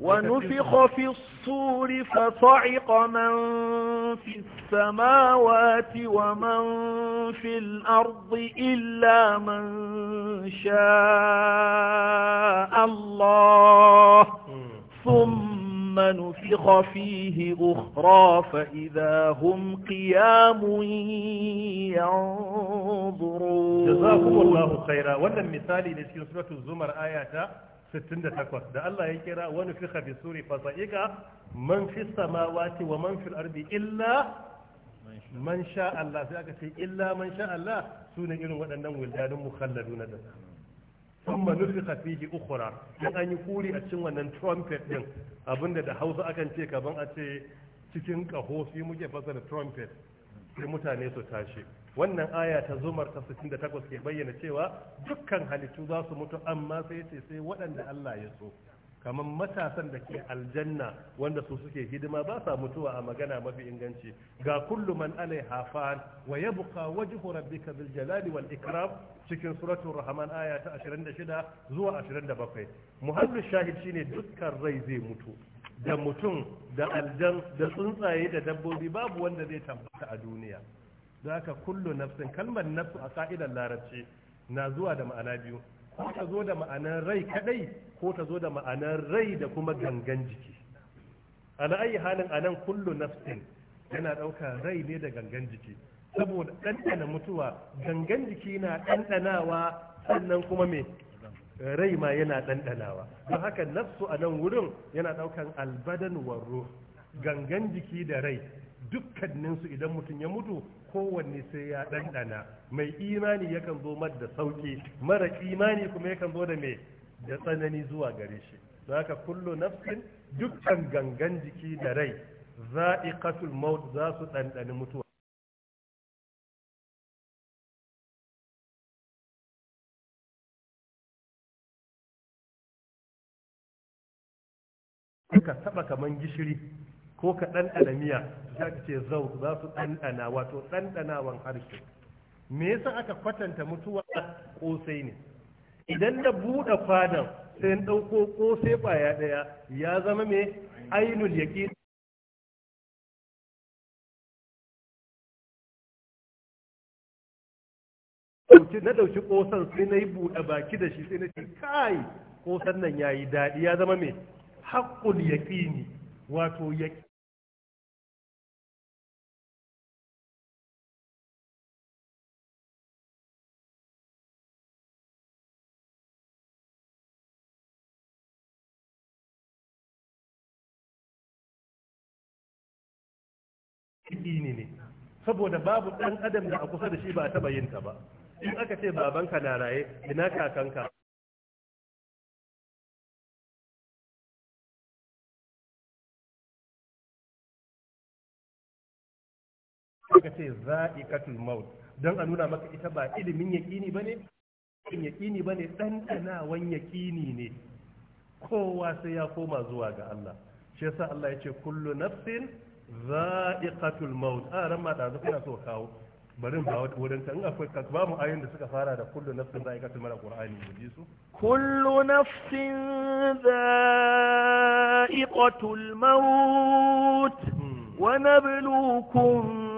ونفخ في الصور فصعق من في السماوات ومن في الأرض إلا من شاء الله ثم نفخ فيه أخرى فإذا هم قيام ينظرون جزاكم الله خيرا ولا المثال لسلسلة الزمر آياتا 68 da Allah ya kira wani fi hafi suri fasa'ika man fi samawati wa man fi ardi illa man sha Allah sai aka ce illa man sha Allah su irin waɗannan wildanin mukhalladu na din sun manufi hafihi ukura in an yi kuri a cikin wannan trumpet din abinda da hausa akan ce kaban a ce cikin ƙaho muke da trumpet sai mutane su tashi wannan aya ta zumar ta 68 ke bayyana cewa dukkan halittu za su mutu amma sai ce sai waɗanda Allah ya so kamar matasan da ke aljanna wanda su suke hidima ba sa mutuwa a magana mafi inganci ga kullu man alai hafan wa yabqa wajhu rabbika bil jalali wal ikram cikin suratul rahman aya ta 26 zuwa 27 Muhallin shahid shine dukkan rai zai mutu da mutum da aljan da tsuntsaye da dabbobi babu wanda zai tabbata a duniya da haka kullu nafsin kalmar nafsu a ka'idar larabci na zuwa da ma'ana biyu ko ta zo da ma'anar rai kadai ko ta zo da ma'anar rai da kuma gangan jiki ana ayi halin anan kullu nafsin yana ɗaukar rai ne da gangan jiki saboda ɗanɗana mutuwa gangan jiki na ɗanɗanawa sannan kuma me rai ma yana ɗanɗanawa don haka nafsu a nan wurin yana ɗaukan albadan warro gangan jiki da rai dukkaninsu idan mutum ya mutu kowanne sai ya ɗanɗana mai imani yakan zo mar da sauki mara imani kuma yakan zo da mai da tsanani zuwa gare shi don haka kullo nafsin dukkan gangan jiki da rai za'iqatul maut za su ɗanɗani mutuwa ka taɓa kaman gishiri ko ka ɗanɗana miya za ka ce zau za su ɗanɗana wato ɗanɗanawan harshe me yasa aka kwatanta mutuwa ƙosai ne idan da buɗe fadan sai in ɗauko ƙosai ɓaya ɗaya ya zama mai ainul yaƙi na ɗauki ƙosan sai na yi buɗe baki da shi sai na ce kai ƙosan nan ya yi daɗi ya zama mai haƙƙul yaƙini wato yaƙi addini ne saboda babu ɗan adam da a kusa da shi ba a taɓa yin ta ba in aka ce babanka na raye ina kakanka aka ce za'ikatul maut don a nuna maka ita ba ilimin yaƙini bane ilimin yaƙini ba ne ɗanɗanawan yaƙini ne kowa sai ya koma zuwa ga Allah shi yasa Allah ya ce kullu nafsin za'iqatul maut a ran ma dazu ina so kawo barin ba wurin ta in akwai ka ba mu ayoyin da suka fara da kullu nafsin za'iqatul mara qur'ani mu ji su kullu nafsin za'iqatul maut wa nabluukum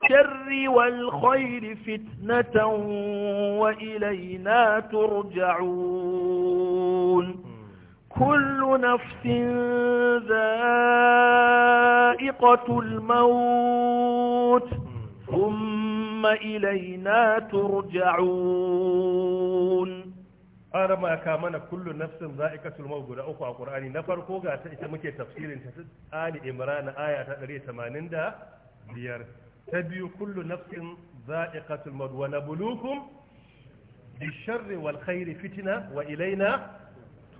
الشر والخير فتنة وإلينا ترجعون كل نفس ذائقة الموت ثم إلينا ترجعون ما كامان كل نفس ذائقة الموت قد أخوى القرآن نفر قوغا سيسمك تفسير آل إمران آية تقرية ثمانين دا بير تبيو كل نفس ذائقة الموت ونبلوكم بالشر والخير فتنة وإلينا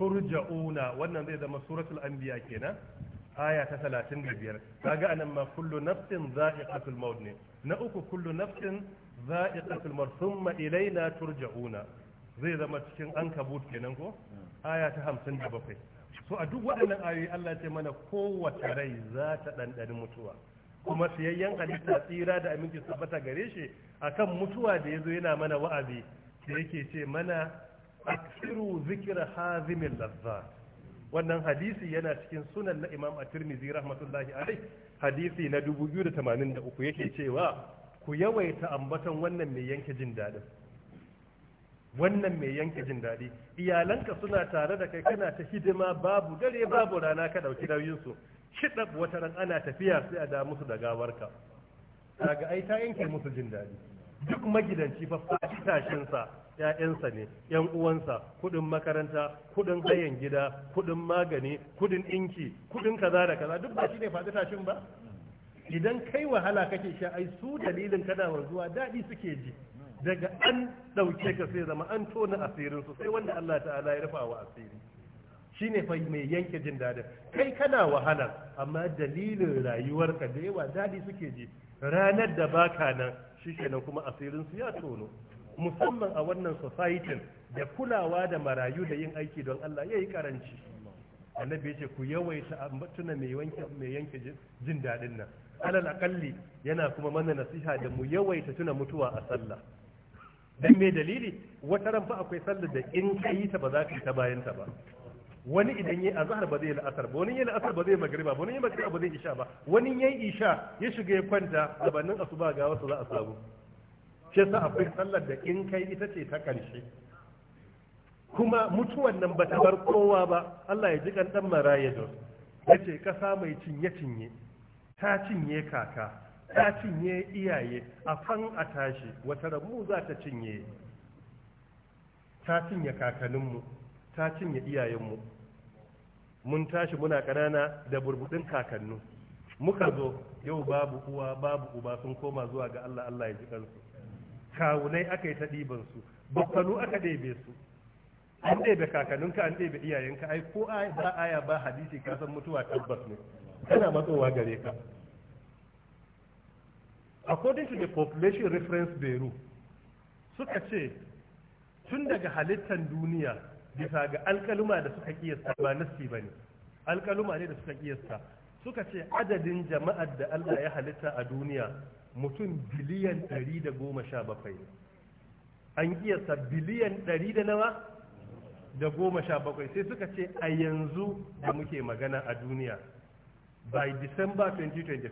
turja'una wannan zai zama suratul anbiya kenan aya ta 35 kaga anan ma kullu nafsin za'iqatul maut ne na uku kullu nafsin za'iqatul maut thumma na turja'una zai zama cikin ankabut kenan ko aya ta 57 so a duk waɗannan ayoyi Allah ce mana kowace rai za ta ɗanɗani mutuwa kuma siyayyen halitta tsira da aminci tabbata gare shi akan mutuwa da ya zo yana mana wa'azi da yake ce mana Akiru zikira hazimin lazzat wannan hadisi yana cikin sunan na imam a tirmizi rahmatullahi alai hadisi na 283 yake cewa ku yawaita ambaton wannan mai yanke jin daɗin wannan mai yanke jin daɗi iyalanka suna tare da kai kana ta hidima babu dare babu rana ka ɗauki nauyinsu kiɗab wata ran ana tafiya sai a da musu da gawarka kaga ai ta yanke musu jin daɗi duk magidanci fa a tashinsa ‘ya'yansa ne, ‘yan uwansa, kuɗin makaranta, kuɗin hayan gida, kuɗin magani, kuɗin inki, kuɗin kaza da kaza duk ba shi ne faɗi tashin ba. Idan kai wahala kake sha ai su dalilin kana zuwa daɗi suke ji. Daga an ɗauke ka sai zama an tona asirin su sai wanda Allah ta'ala ya rufa wa asiri. Shi ne fa mai yanke jin daɗin. Kai kana wahala amma dalilin rayuwarka da yawa daɗi suke ji. Ranar da baka nan shi kenan kuma asirin su ya tono. musamman a wannan society da kulawa da marayu da yin aiki don Allah yayi karanci annabi ya ce ku yawaita tuna mai wanke mai yanke jin dadin nan alal aqalli yana kuma mana nasiha da mu yawaita tuna mutuwa a sallah dan me dalili wata ran fa akwai sallar da in kai ta ba za ka yi ta bayan ta ba wani idan yayi azhar ba zai la'asar ba wani yayi la'asar ba zai magriba ba wani yayi magriba ba zai isha ba wani yayi isha ya shiga ya kwanta gabanin asuba ga wasu za a samu shi sa akwai sallar da in kai ita ce ta ƙarshe kuma mutuwan nan ba ta bar kowa ba Allah ya ji kan dan maraya don yace kasa mai cinye cinye ta cinye kaka ta cinye iyaye a fan a tashi wata rabu za ta cinye ta cinye kakaninmu ta cinye iyayenmu mun tashi muna ƙanana da burbudin kakannu muka zo yau babu uwa babu uba sun koma zuwa ga Allah Allah ya ji kansu kawunai aka yi ta ɗiban su bakkanu aka ɗebe su an ɗebe kakanninka an ɗebe iyayenka ai ko ba aya ba hadisi ka san mutuwa tabbas ne kana matsowa gare ka according to the population reference bureau suka ce tun daga halittar duniya bisa ga alkaluma da suka kiyasta ba nasti ba ne alkaluma ne da suka kiyasta suka ce adadin jama'ar da allah ya halitta a duniya mutum biliyan 117 an kiyasta biliyan ɗari da nawa da goma sha bakwai sai suka ce a yanzu da muke magana a duniya by december 2025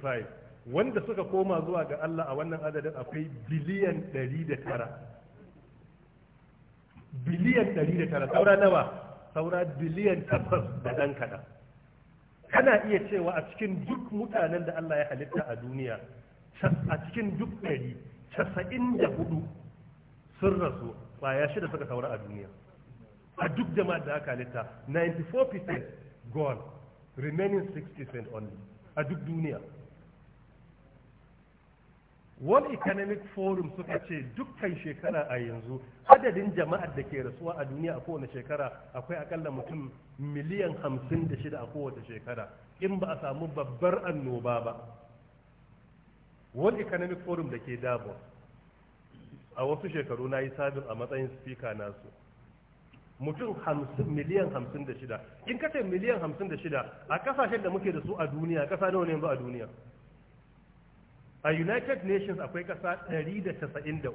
wanda suka koma zuwa ga allah a wannan adadin akwai biliyan 109 biliyan 109 saura nawa saura biliyan 8 da ɗan kaɗan kana iya cewa a cikin duk mutanen da allah ya halitta a duniya a cikin duk ɗari casa'in da hudu sun rasu ƙwaya shida suka saura a duniya a duk jama'ar da aka halitta 94% gone remaining 60% only a duk duniya World Economic Forum suka ce dukkan shekara a yanzu adadin jama'ar da ke rasuwa a duniya a kowane shekara akwai akalla mutum miliyan da shida a kowace shekara in ba a samu babbar annoba ba World Economic Forum da ke Davos a wasu shekaru na yi sabin a matsayin speaker nasu mutum miliyan hamsin da shida in kace miliyan hamsin da shida a kasashen da muke da su a duniya kasa nawa ne yanzu a duniya a united nations akwai kasa 193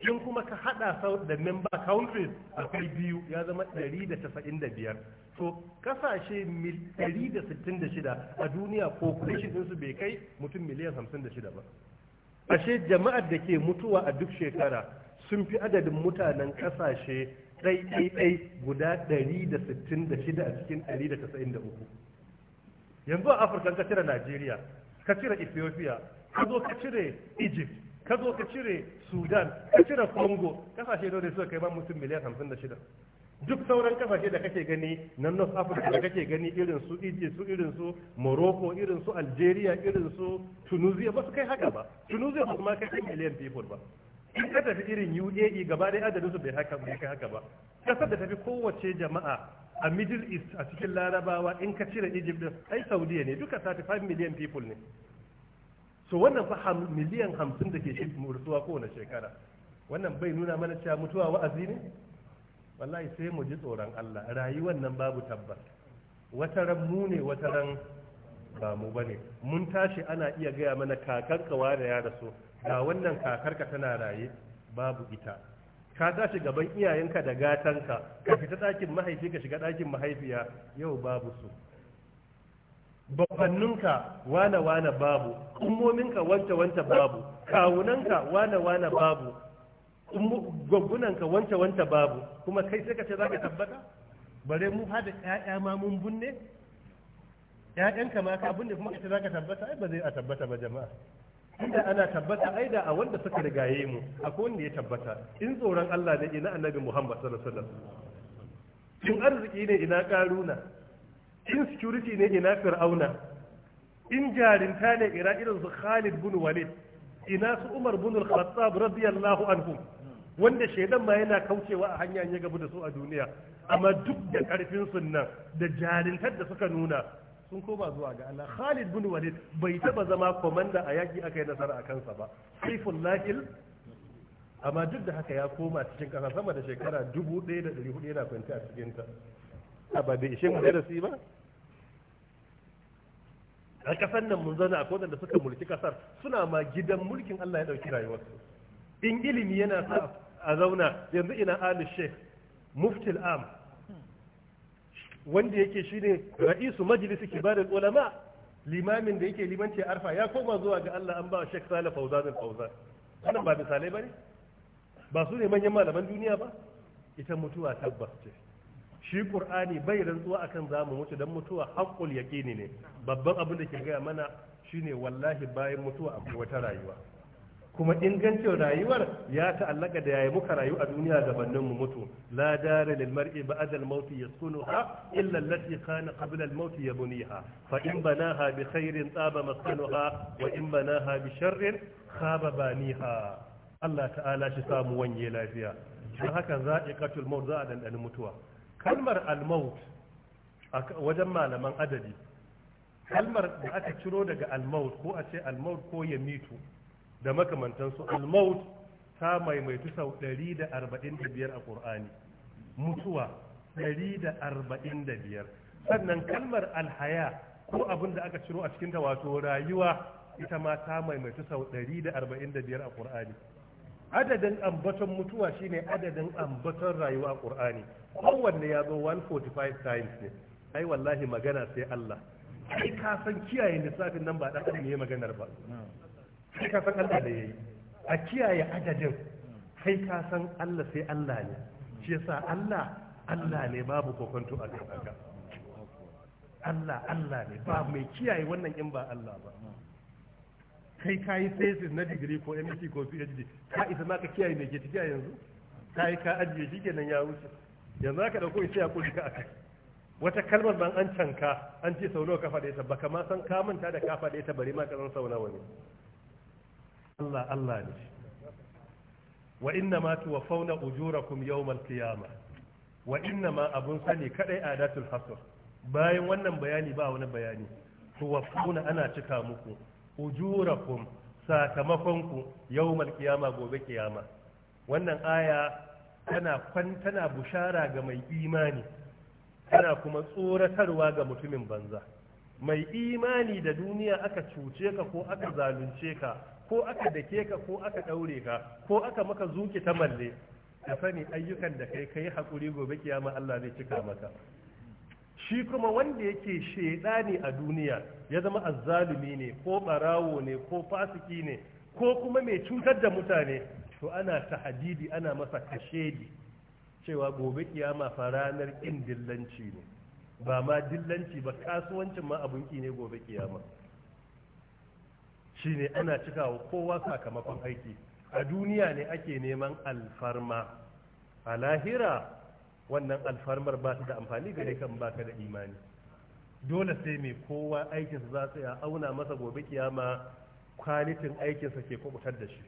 in kuma ka hada da member countries akwai biyu ya zama 195 so kasashe 166 a duniya population ɗinsu bai kai mutum miliyan 56 ba ashe jama'ar da ke mutuwa a duk shekara sun fi adadin mutanen kasashe ɗaiɗaiɗai guda 166 a cikin 193 yanzu a afirka ka cire najeriya ka cire ethiopia ka zo ka cire egypt ka zo ka cire sudan ka cire congo kasashe dole suka kai ba mutum miliyan hamsin da shida duk sauran kasashe da kake gani na north africa da kake gani irin su egypt su irin su morocco irin su algeria irin su tunisia ba su kai haka ba tunisia ba su ma kai miliyan people ba in ka tafi irin uae gaba ɗaya adadin su bai haka bai kai haka ba kasar da tafi kowace jama'a a middle east a cikin larabawa in ka cire egypt din ai saudiya ne duka 35 million people ne to wannan fa miliyan hamsin da ke shi ko kowane shekara wannan bai nuna mana cewa mutuwa wa'azi ne wallahi sai mu ji tsoron Allah rayuwar nan babu tabbas wata ran mu ne wata ran ba mu bane mun tashi ana iya gaya mana kakar ka ware ya rasu ga wannan kakarka tana raye babu ita ka tashi gaban iyayenka da gatanka ka fita ɗakin mahaifi ka shiga ɗakin mahaifiya yau babu su babbanninka wane wane babu ummominka wanta wanta babu kawunanka wane wane babu gwaggunanka wanta wanta babu kuma kai sai ka ce za ka tabbata bare mu hada ƴaƴa ma mun bunne ƴaƴanka ma ka bunne kuma ka ce za ka tabbata ai ba zai a tabbata ba jama'a inda ana tabbata ai da a wanda suka rigaye mu akwai wanda ya tabbata in tsoron Allah ne ina annabi Muhammad sallallahu alaihi wasallam in arziki ne ina karuna insecurity ne ina fir'auna in jarinta ne ira irin su khalid bin walid ina su umar bin al-khattab radiyallahu anhu wanda shaidan ma yana kaucewa a hanyar ya gabu da su a duniya amma duk da karfin sunnan da jarintar da suka nuna sun koma zuwa ga Allah Khalid bin Walid bai taba zama komanda a yaki aka nasara a kansa ba saiful lahil amma duk da haka ya koma cikin kasa sama da shekara 1400 yana kwanci a cikin ta ba bai ishe mu darasi ba a kasar nan mun zana akwai wanda suka mulki kasar suna ma gidan mulkin Allah ya ɗauki rayuwarsu in ilimi yana sa a zauna yanzu ina Ali Sheikh Muftil Am wanda yake shine ra'isu majlisi kibarul ulama limamin da yake limanci arfa ya koma zuwa ga Allah an ba Sheikh Salih Fauzan Fauzan wannan ba misalai bane ba su ne manyan malaman duniya ba ita mutuwa tabbas ce shi qur'ani bai rantsuwa akan zamu mutu dan mutuwa haqqul yaqini ne babban abin da ke gaya mana shine wallahi bayan mutuwa akwai wata rayuwa kuma ingancin rayuwar ya ta'allaka da yayi muka rayu a duniya gabanin mu mutu la dara lil mar'i ba'da al maut yaskunuha illa allati kana qabla al maut yabniha fa in banaha bi khairin taba maskanuha wa in banaha bi sharrin khaba baniha Allah ta'ala shi samu wanye lafiya dan haka za'iqatul maut za a dandani mutuwa kalmar almaut wajen malaman adadi kalmar da aka ciro daga almaut ko a ce almaut ko ya mitu da makamantansu almaut ta maimaitu sau 145 a ƙur'ani mutuwa 145 sannan kalmar alhaya ko abin da aka ciro a cikinta wato rayuwa ita ma ta maimaitu sau 145 a ƙur'ani adadin ambaton mutuwa shine adadin ambaton rayuwa a qur'ani kowanne ya zo 145 times ne ai wallahi magana sai Allah kai ka san kiyaye lissafin nan ba dan adam ne maganar ba kai ka san Allah da yayi a kiyaye adadin kai ka san Allah sai Allah ne shi yasa Allah Allah ne babu kokonto a kan Allah Allah ne ba mai kiyaye wannan in ba Allah ba kai ka yi thesis na digiri ko MSc ko PhD ka isa ma ka kiyaye mai ke yanzu ka yi ka ajiye shi kenan ya wuce yanzu ka dauko ita ya kuli ka akai wata kalmar ban an canka an ce sau nawa ka faɗe ta baka ma san ka manta da ka faɗe ta bari ma ka san sau nawa ne Allah Allah ne wa inna ma tuwaffawna ujurakum yawmal qiyamah wa inna ma abun sani kadai adatul hasr bayan wannan bayani ba wani bayani tuwaffawna ana cika muku ujurakum ku yawmal ƙiyama gobe kiyama wannan aya tana kwan tana bushara ga mai imani tana kuma tsoratarwa ga mutumin banza mai imani da duniya aka cuce ka ko aka zalunce ka ko aka dake ka ko aka daure ka ko aka maka zuki ta malle ka sani ayyukan da kai kai hakuri gobe kiyama Allah zai cika maka shi kuma wanda yake shaidani a duniya ya zama azzalumi ne ko barawo ne ko fasiki ne ko kuma mai cutar da mutane to ana tahadidi ana masa kashedi cewa gobe kiyama fa ranar kin dillanci ne ba ma dillanci ba kasuwancin ma abun ki ne gobe kiyama shine ana cikawa kowa sakamakon aiki a duniya ne ake neman alfarma a lahira wannan alfarmar ba ta da amfani gare kan baka da imani dole sai mai kowa aikinsa za su ya auna masa gobe kiyama kwalitin aikinsa ke kubutar da shi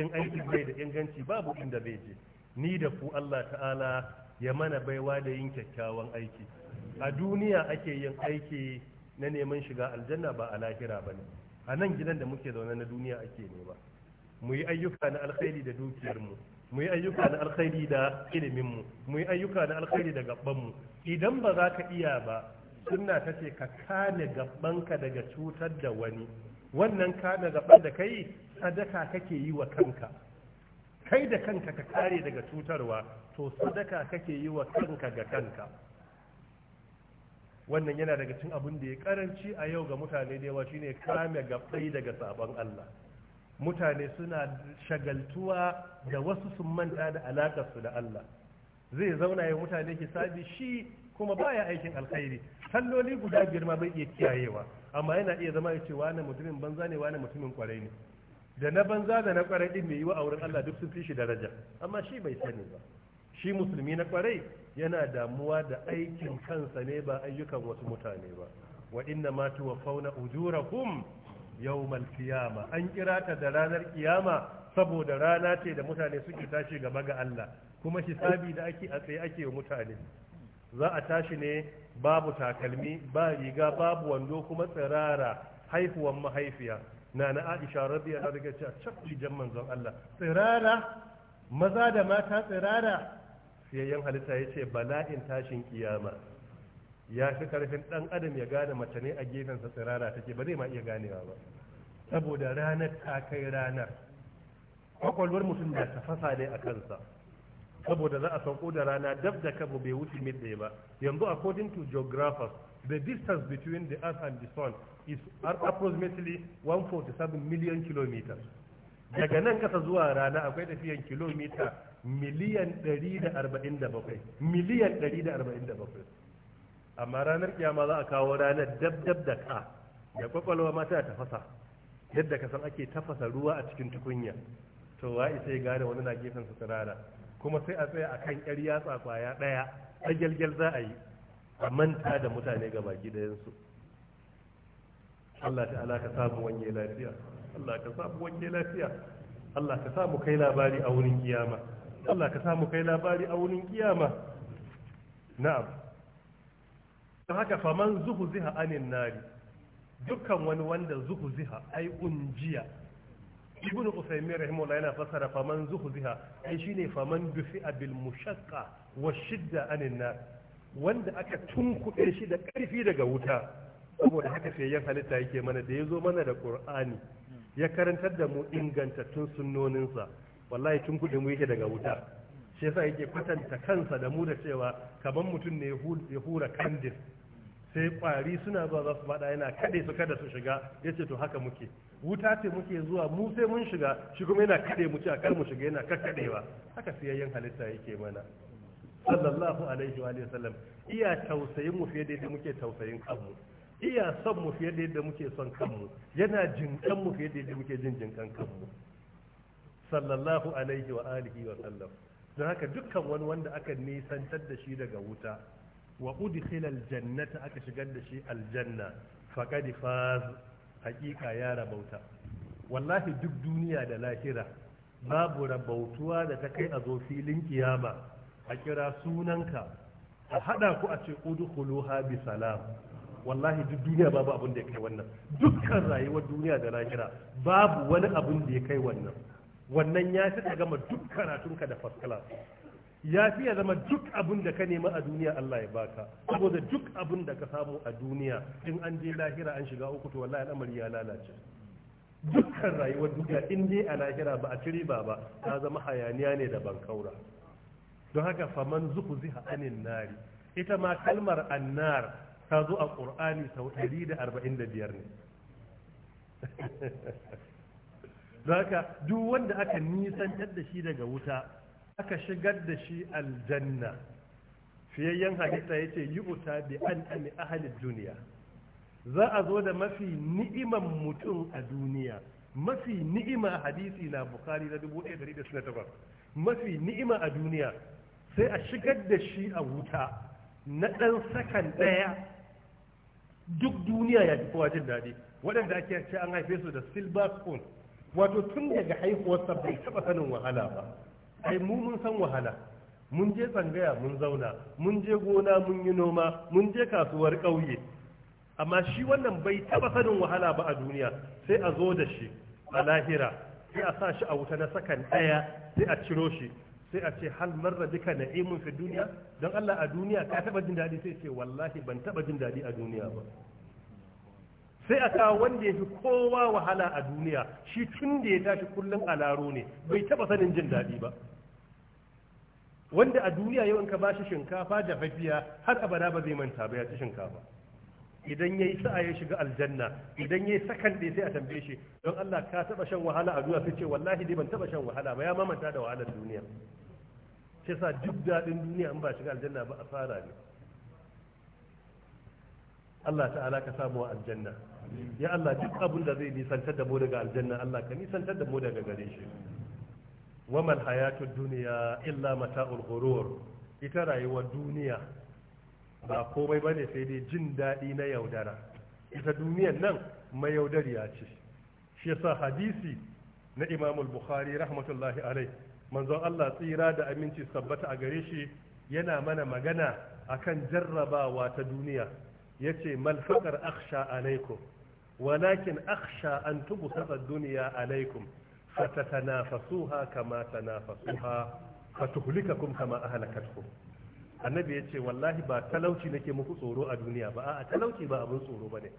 in aikin bai da inganci babu inda bai je ni da ku Allah ta'ala ya mana baiwa da yin kyakkyawan aiki a duniya ake yin aiki na neman shiga aljanna ba a lahira ba ne a nan gidan da muke zaune na duniya ake ba. mu yi ayyuka na alkhairi da dukiyarmu mu yi ayyuka na alkhairi da iliminmu mu yi ayyuka na alkhairi da mu idan ba za ka iya ba sunna ta ce ka kame gabanka daga cutar da wani wannan kame gabban da kai sadaka kake yi wa kanka kai da kanka ka kare daga cutarwa to sadaka kake yi wa kanka ga kanka wannan yana daga cin abin da ya karanci a yau ga mutane da yawa shine kame gabbai daga sabon Allah mutane suna shagaltuwa da wasu sun manta da alaƙarsu da Allah zai zauna ya mutane hisabi shi kuma baya aikin alkhairi salloli guda biyar ma bai iya kiyayewa amma yana iya zama ya ce wani mutumin banza ne wani mutumin kwarai ne da na banza da na kwarai din mai yiwa a wurin Allah duk sun fi shi daraja amma shi bai sani ba shi musulmi na kwarai yana damuwa da aikin kansa ne ba ayyukan wasu mutane ba wa inna ma tuwaffawna ujurakum yawmal qiyama an kira ta da ranar kiyama saboda rana ce da mutane suke tashi gaba ga Allah kuma hisabi da ake a tsaye ake wa mutane za a tashi ne babu takalmi ba riga babu wando kuma tsirara haihuwar mahaifiya na na Aisha radiyallahu anha cewa cakki jan manzon Allah tsirara maza da mata tsirara siyayyen halitta yace bala'in tashin kiyama ya fi karfin ɗan adam ya gane mace ne a gefensa tsirara take ba zai ma iya ganewa ba saboda ranar ta kai ranar kwakwalwar mutum da tafasa ne a kansa saboda za a sauko da rana dab da kabo bai wuce mil ɗaya ba yanzu according to geographers the distance between the earth and the sun is approximately 147 million kilometers daga nan kasa zuwa rana akwai tafiyan kilomita miliyan 147 miliyan 147 amma ranar kiyama za a kawo ranar dab dab da ka da kwakwalwa mata ta tafasa yadda ka san ake tafasa ruwa a cikin tukunya to wa isa ya gane wani na gefen su tsirara kuma sai a tsaya akan yar yatsa kwaya daya agyalgyal za a yi a manta da mutane ga baki da su Allah ta'ala ka samu wanye lafiya Allah ka samu wanye lafiya Allah ka samu kai labari a wurin kiyama Allah ka samu kai labari a wurin kiyama na'am don haka faman zuhu ziha anin nari dukkan wani wanda zuhu ziha ai unjiya ibn usaimin rahimahullah yana fassara faman zuhu ziha ai shine faman dufi bil mushaqqa wa shidda anin nar wanda aka tunkuɗe shi da ƙarfi daga wuta saboda haka sai ya halitta yake mana da ya zo mana da qur'ani ya karantar da mu ingantattun sunnoninsa wallahi tun kuɗi mu yake daga wuta shi yasa yake kwatanta kansa da mu da cewa kamar mutum ne ya hura kandir sai kwari suna zuwa za su fada yana kade su kada su shiga ya ce to haka muke wuta ce muke zuwa mu sai mun shiga shi kuma yana kade mu ci a kar mu shiga yana kakkadewa haka siyayyen halitta yake mana sallallahu alaihi wa sallam iya tausayin mu fiye da yadda muke tausayin kanmu iya son mu fiye da yadda muke son kanmu yana jinkan mu fiye da yadda muke jin jinkan kanmu sallallahu alaihi wa alihi wa sallam don haka dukkan wani wanda aka nisantar da shi daga wuta wa udkhila aljannata aka shigar da shi aljanna faqad faz haqiqa ya rabauta wallahi duk duniya da lahira babu rabautuwa da ta kai a zo filin kiyama a kira sunanka a hada ku a ce udkhuluha bi salam wallahi duk duniya babu abin da ya kai wannan dukkan rayuwar duniya da lahira babu wani abin da ya kai wannan wannan ya fi gama duk karatunka da first ya fi ya zama duk abin da ka nema a duniya Allah ya baka saboda duk abin da ka samu a duniya in an je lahira an shiga uku to wallahi al'amari ya lalace dukkan rayuwar duniya in dai a lahira ba a ci ba ba ta zama hayaniya ne da bankaura don haka faman zuku ziha anin nari ita ma kalmar annar ta zo a ƙur'ani sau 145 ne don haka duk wanda aka nisantar da shi daga wuta aka shigar da shi aljanna fiyayyen halitta ya ce yi uta bi an ami ahalin duniya za a zo da mafi ni'iman mutum a duniya mafi ni'ima hadisi na bukari na 1198 mafi ni'ima a duniya sai a shigar da shi a wuta na ɗan sakan ɗaya duk duniya ya ji kowa jin daɗi waɗanda ake ce an haife su da silver spoon wato tun daga haihuwarsa bai taɓa sanin wahala ba ai mu mun san wahala mun je tsangaya mun zauna mun je gona mun yi noma mun je kasuwar ƙauye amma shi wannan bai taba sanin wahala ba a duniya sai a zo da shi a lahira sai a sa shi a wuta na sakan ɗaya sai a ciro shi sai a ce hal marra na na'imun fi duniya don Allah a duniya ka taba jin daɗi sai ce wallahi ban taba jin daɗi a duniya ba sai a kawo wanda ya fi kowa wahala a duniya shi tun da ya tashi kullum a laro ne bai taba sanin jin daɗi ba wanda a duniya yawan ka shi shinkafa da fafiya har abada ba zai manta ba ya ci shinkafa idan yayi sa'a ya shiga aljanna idan yayi sakan ɗaya sai a tambaye shi don Allah ka taba shan wahala a duniya sai ce wallahi dai ban taba shan wahala ba ya mamanta da wahalar duniya sai sa duk daɗin duniya in ba shiga aljanna ba a fara ne Allah ta'ala ka samu wa aljanna ya Allah duk abin da zai nisantar da mu daga aljanna Allah ka nisantar da mu daga gare shi wa mal hayatud dunya illa mata'ul ghurur ita rayuwar duniya ba komai bane sai dai jin daɗi na yaudara ita duniyar nan yaudariya ce shi yasa hadisi na Imam al-Bukhari rahmatullahi alaihi manzon Allah tsira da aminci sabbata a gare shi yana mana magana akan jarrabawa ta duniya yace mal faqar akhsha alaikum walakin aksha an tubsata saba' duniya alaikum fatatanafasuha kama tanafasuha kuma kama ahlakatkum annabi yace wallahi ba talauci nake muku tsoro a duniya ba a'a talauci ba abin tsoro bane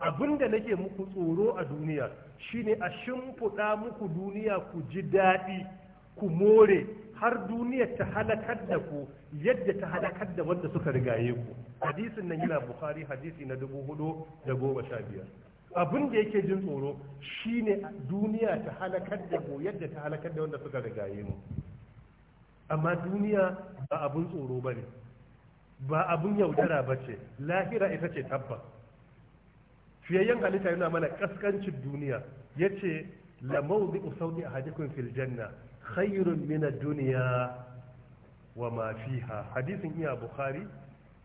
abin da nake muku tsoro a duniya shine a shimfiɗa muku duniya ku ji daɗi ku more har duniya ta halakar da ku yadda ta halakar da wanda suka rigaye ku hadisin nan yana bukhari hadisi na dubu hudu da goma sha biyar abin da yake jin tsoro shine duniya ta halakar da ku yadda ta halakar da wanda suka rigaye mu amma duniya ba abin tsoro ba ne ba abin yaudara ba ce lahira ita ce tabba fiyayyen halitta yana mana kaskancin duniya ya ce la mawdi usawdi a fil janna Kairin min ad-dunya wa ma fiha hadisin iya bukhari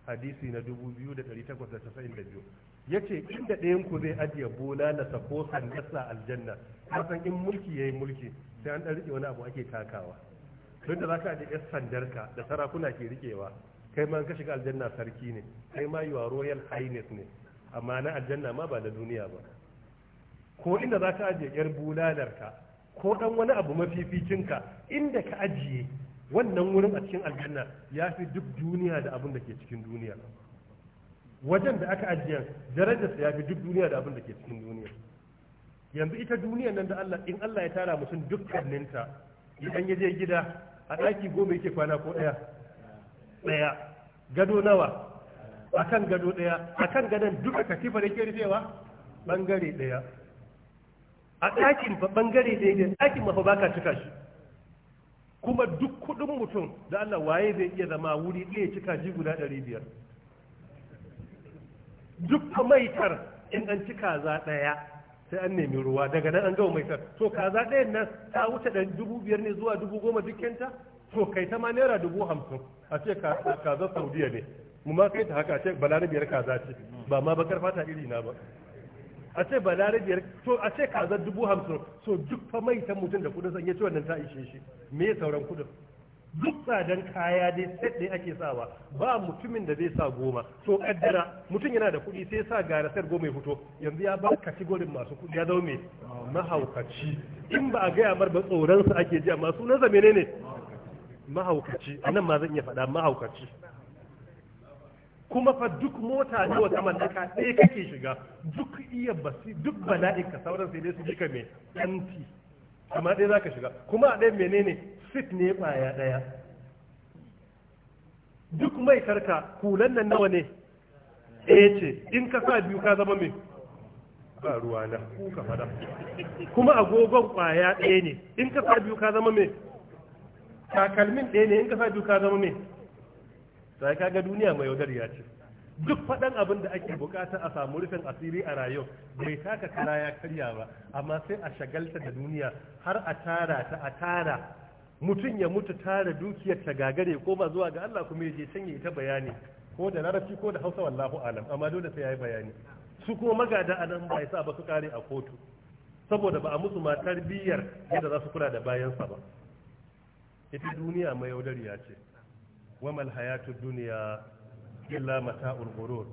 hadisi na 2892 yace inda ɗayan ku zai ajiye bola na sako sandarsa aljanna kasan in mulki yayi mulki sai an dan rike wani abu ake takawa don da zaka da yan sandarka da sarakuna ke rikewa kai ma ka shiga aljanna sarki ne kai ma yiwa royal highness ne amma na aljanna ma ba da duniya ba ko inda zaka ajiye yar bulalarka ko dan wani abu mafificinka inda ka ajiye wannan wurin a cikin aljanna ya fi duk duniya da abin da ke cikin duniya wajen da aka ajiye darajarsa ya fi duk duniya da abin da ke cikin duniya yanzu ita duniyar nan da Allah in Allah ya tara mutum dukkaninta idan ya je gida a ɗaki goma yake kwana ko ɗaya ɗaya gado nawa akan gado ɗaya akan gadon duka katifa da ke rufewa bangare ɗaya a ɗakin bangare da yake ɗakin mafa baka cika shi kuma duk kuɗin mutum da Allah waye zai iya zama wuri ɗaya cika ji guda ɗari biyar duk a maitar in an ci kaza ɗaya sai an nemi ruwa daga nan an gama maitar to kaza ɗayan nan ta wuce ɗari dubu biyar ne zuwa dubu goma dukkanta to kai ta ma naira dubu hamsin a ce kaza saudiya ne mu ma kai ta haka a ce bala na biyar kaza ce ba ma bakar fata iri na ba a ce kaza to a ce kazar dubu hamsin so duk fa mai ta mutum da kudin sanya ce wannan ta ishe shi me ya sauran kudin duk tsadan kaya dai set ne ake sawa ba mutumin da zai sa goma so kaddara mutum yana da kuɗi sai sa gara set goma ya fito yanzu ya ba kategorin masu kuɗi ya zaune mahaukaci in ba a gaya mar ba tsoron su ake ji amma sunan sa ne mahaukaci anan ma zan iya faɗa mahaukaci kuma fa duk mota ne wata mallaka ɗaya kake shiga duk iya basi duk bala'in ka sauran sai dai su jika mai yanti amma ɗaya ka shiga kuma a ɗayan menene sit ne ɓaya ɗaya duk mai karka kulan nan nawa ne ɗaya ce in ka sa biyu ka zama mai ba ruwa na kuka fada kuma agogon ƙwaya ɗaya ne in ka sa biyu ka zama mai takalmin ɗaya ne in ka sa biyu ka zama mai yi kaga duniya mai yaudariya ce duk faɗan abin da ake bukata a samu rufin asiri a rayuwa bai taka kara ya karya ba amma sai a shagalta da duniya har a tara ta a tara mutum ya mutu tara dukiyar ta gagare ko ba zuwa ga Allah kuma je can ya ta bayani ko da larabci ko da Hausa wallahu alam amma dole sai yayi bayani su kuma magada a nan ba sa ba su kare a kotu saboda ba a musu ma tarbiyyar yadda za su kula da bayansa ba ita duniya mai yaudariya ce wamal hayatud duniya illa mata'ul ghurur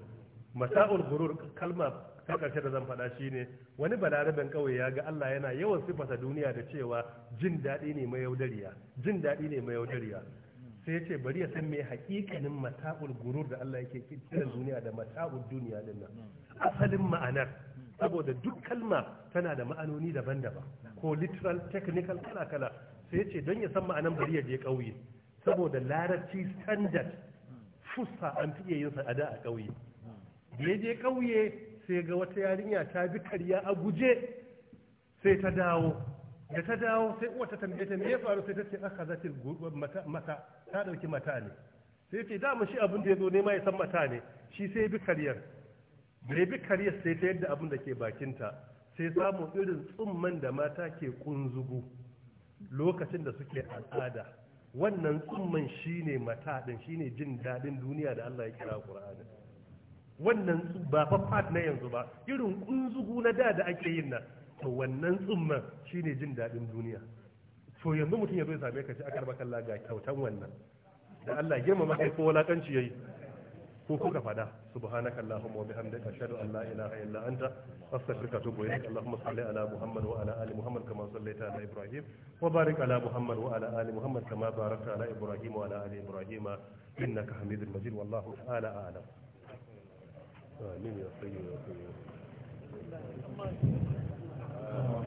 mata'ul ghurur kalma ta karshe da zan faɗa shine wani balaraben kawai ya ga Allah yana yawan sifata duniya da cewa jin daɗi ne mai yaudariya jin daɗi ne mai yaudariya sai ya ce bari ya san me hakikanin mata'ul gurur da Allah yake kiran duniya da mata'ul duniya din nan asalin ma'anar saboda duk kalma tana da ma'anoni daban-daban ko literal technical kala-kala sai ya ce don ya san ma'anar bari ya je ƙauye saboda larabci standard fusa an fiye yin sa a a ƙauye da ya je ƙauye sai ga wata yarinya ta bi karya a guje sai ta dawo da ta dawo sai uwa ta tambaye ta me ya faru sai ta ce aka ah, za mata mata ta dauki mata ne sai ce dama shi abin da ya zo nema ya san mata ne shi sai bi kariyar da bi kariyar sai ta yadda abin da ke bakinta sai samu irin tsumman da mata ke kunzugu lokacin da suke al'ada wannan tsumman ne mata shi ne jin daɗin duniya da Allah ya kira Qur'ani wannan ba fafat na yanzu ba irin kunzugu na da da ake yin nan to wannan tsumman ne jin daɗin duniya to yanzu mutum ya zo ya same ka aka raba kalla ga kyautan wannan da Allah girmama kai ko walakanci yayi ko kuka fada subhanaka allahumma wa bihamdika ashhadu an la ilaha illa anta astaghfiruka wa atubu ilaik allahumma salli ala muhammad wa ala ali muhammad kama sallaita ala ibrahim wa barik ala muhammad wa ala ali muhammad kama barakta ala ibrahim wa ala ali ibrahim innaka hamidul majid wallahu ta'ala a'lam amin ya sayyidi ya sayyidi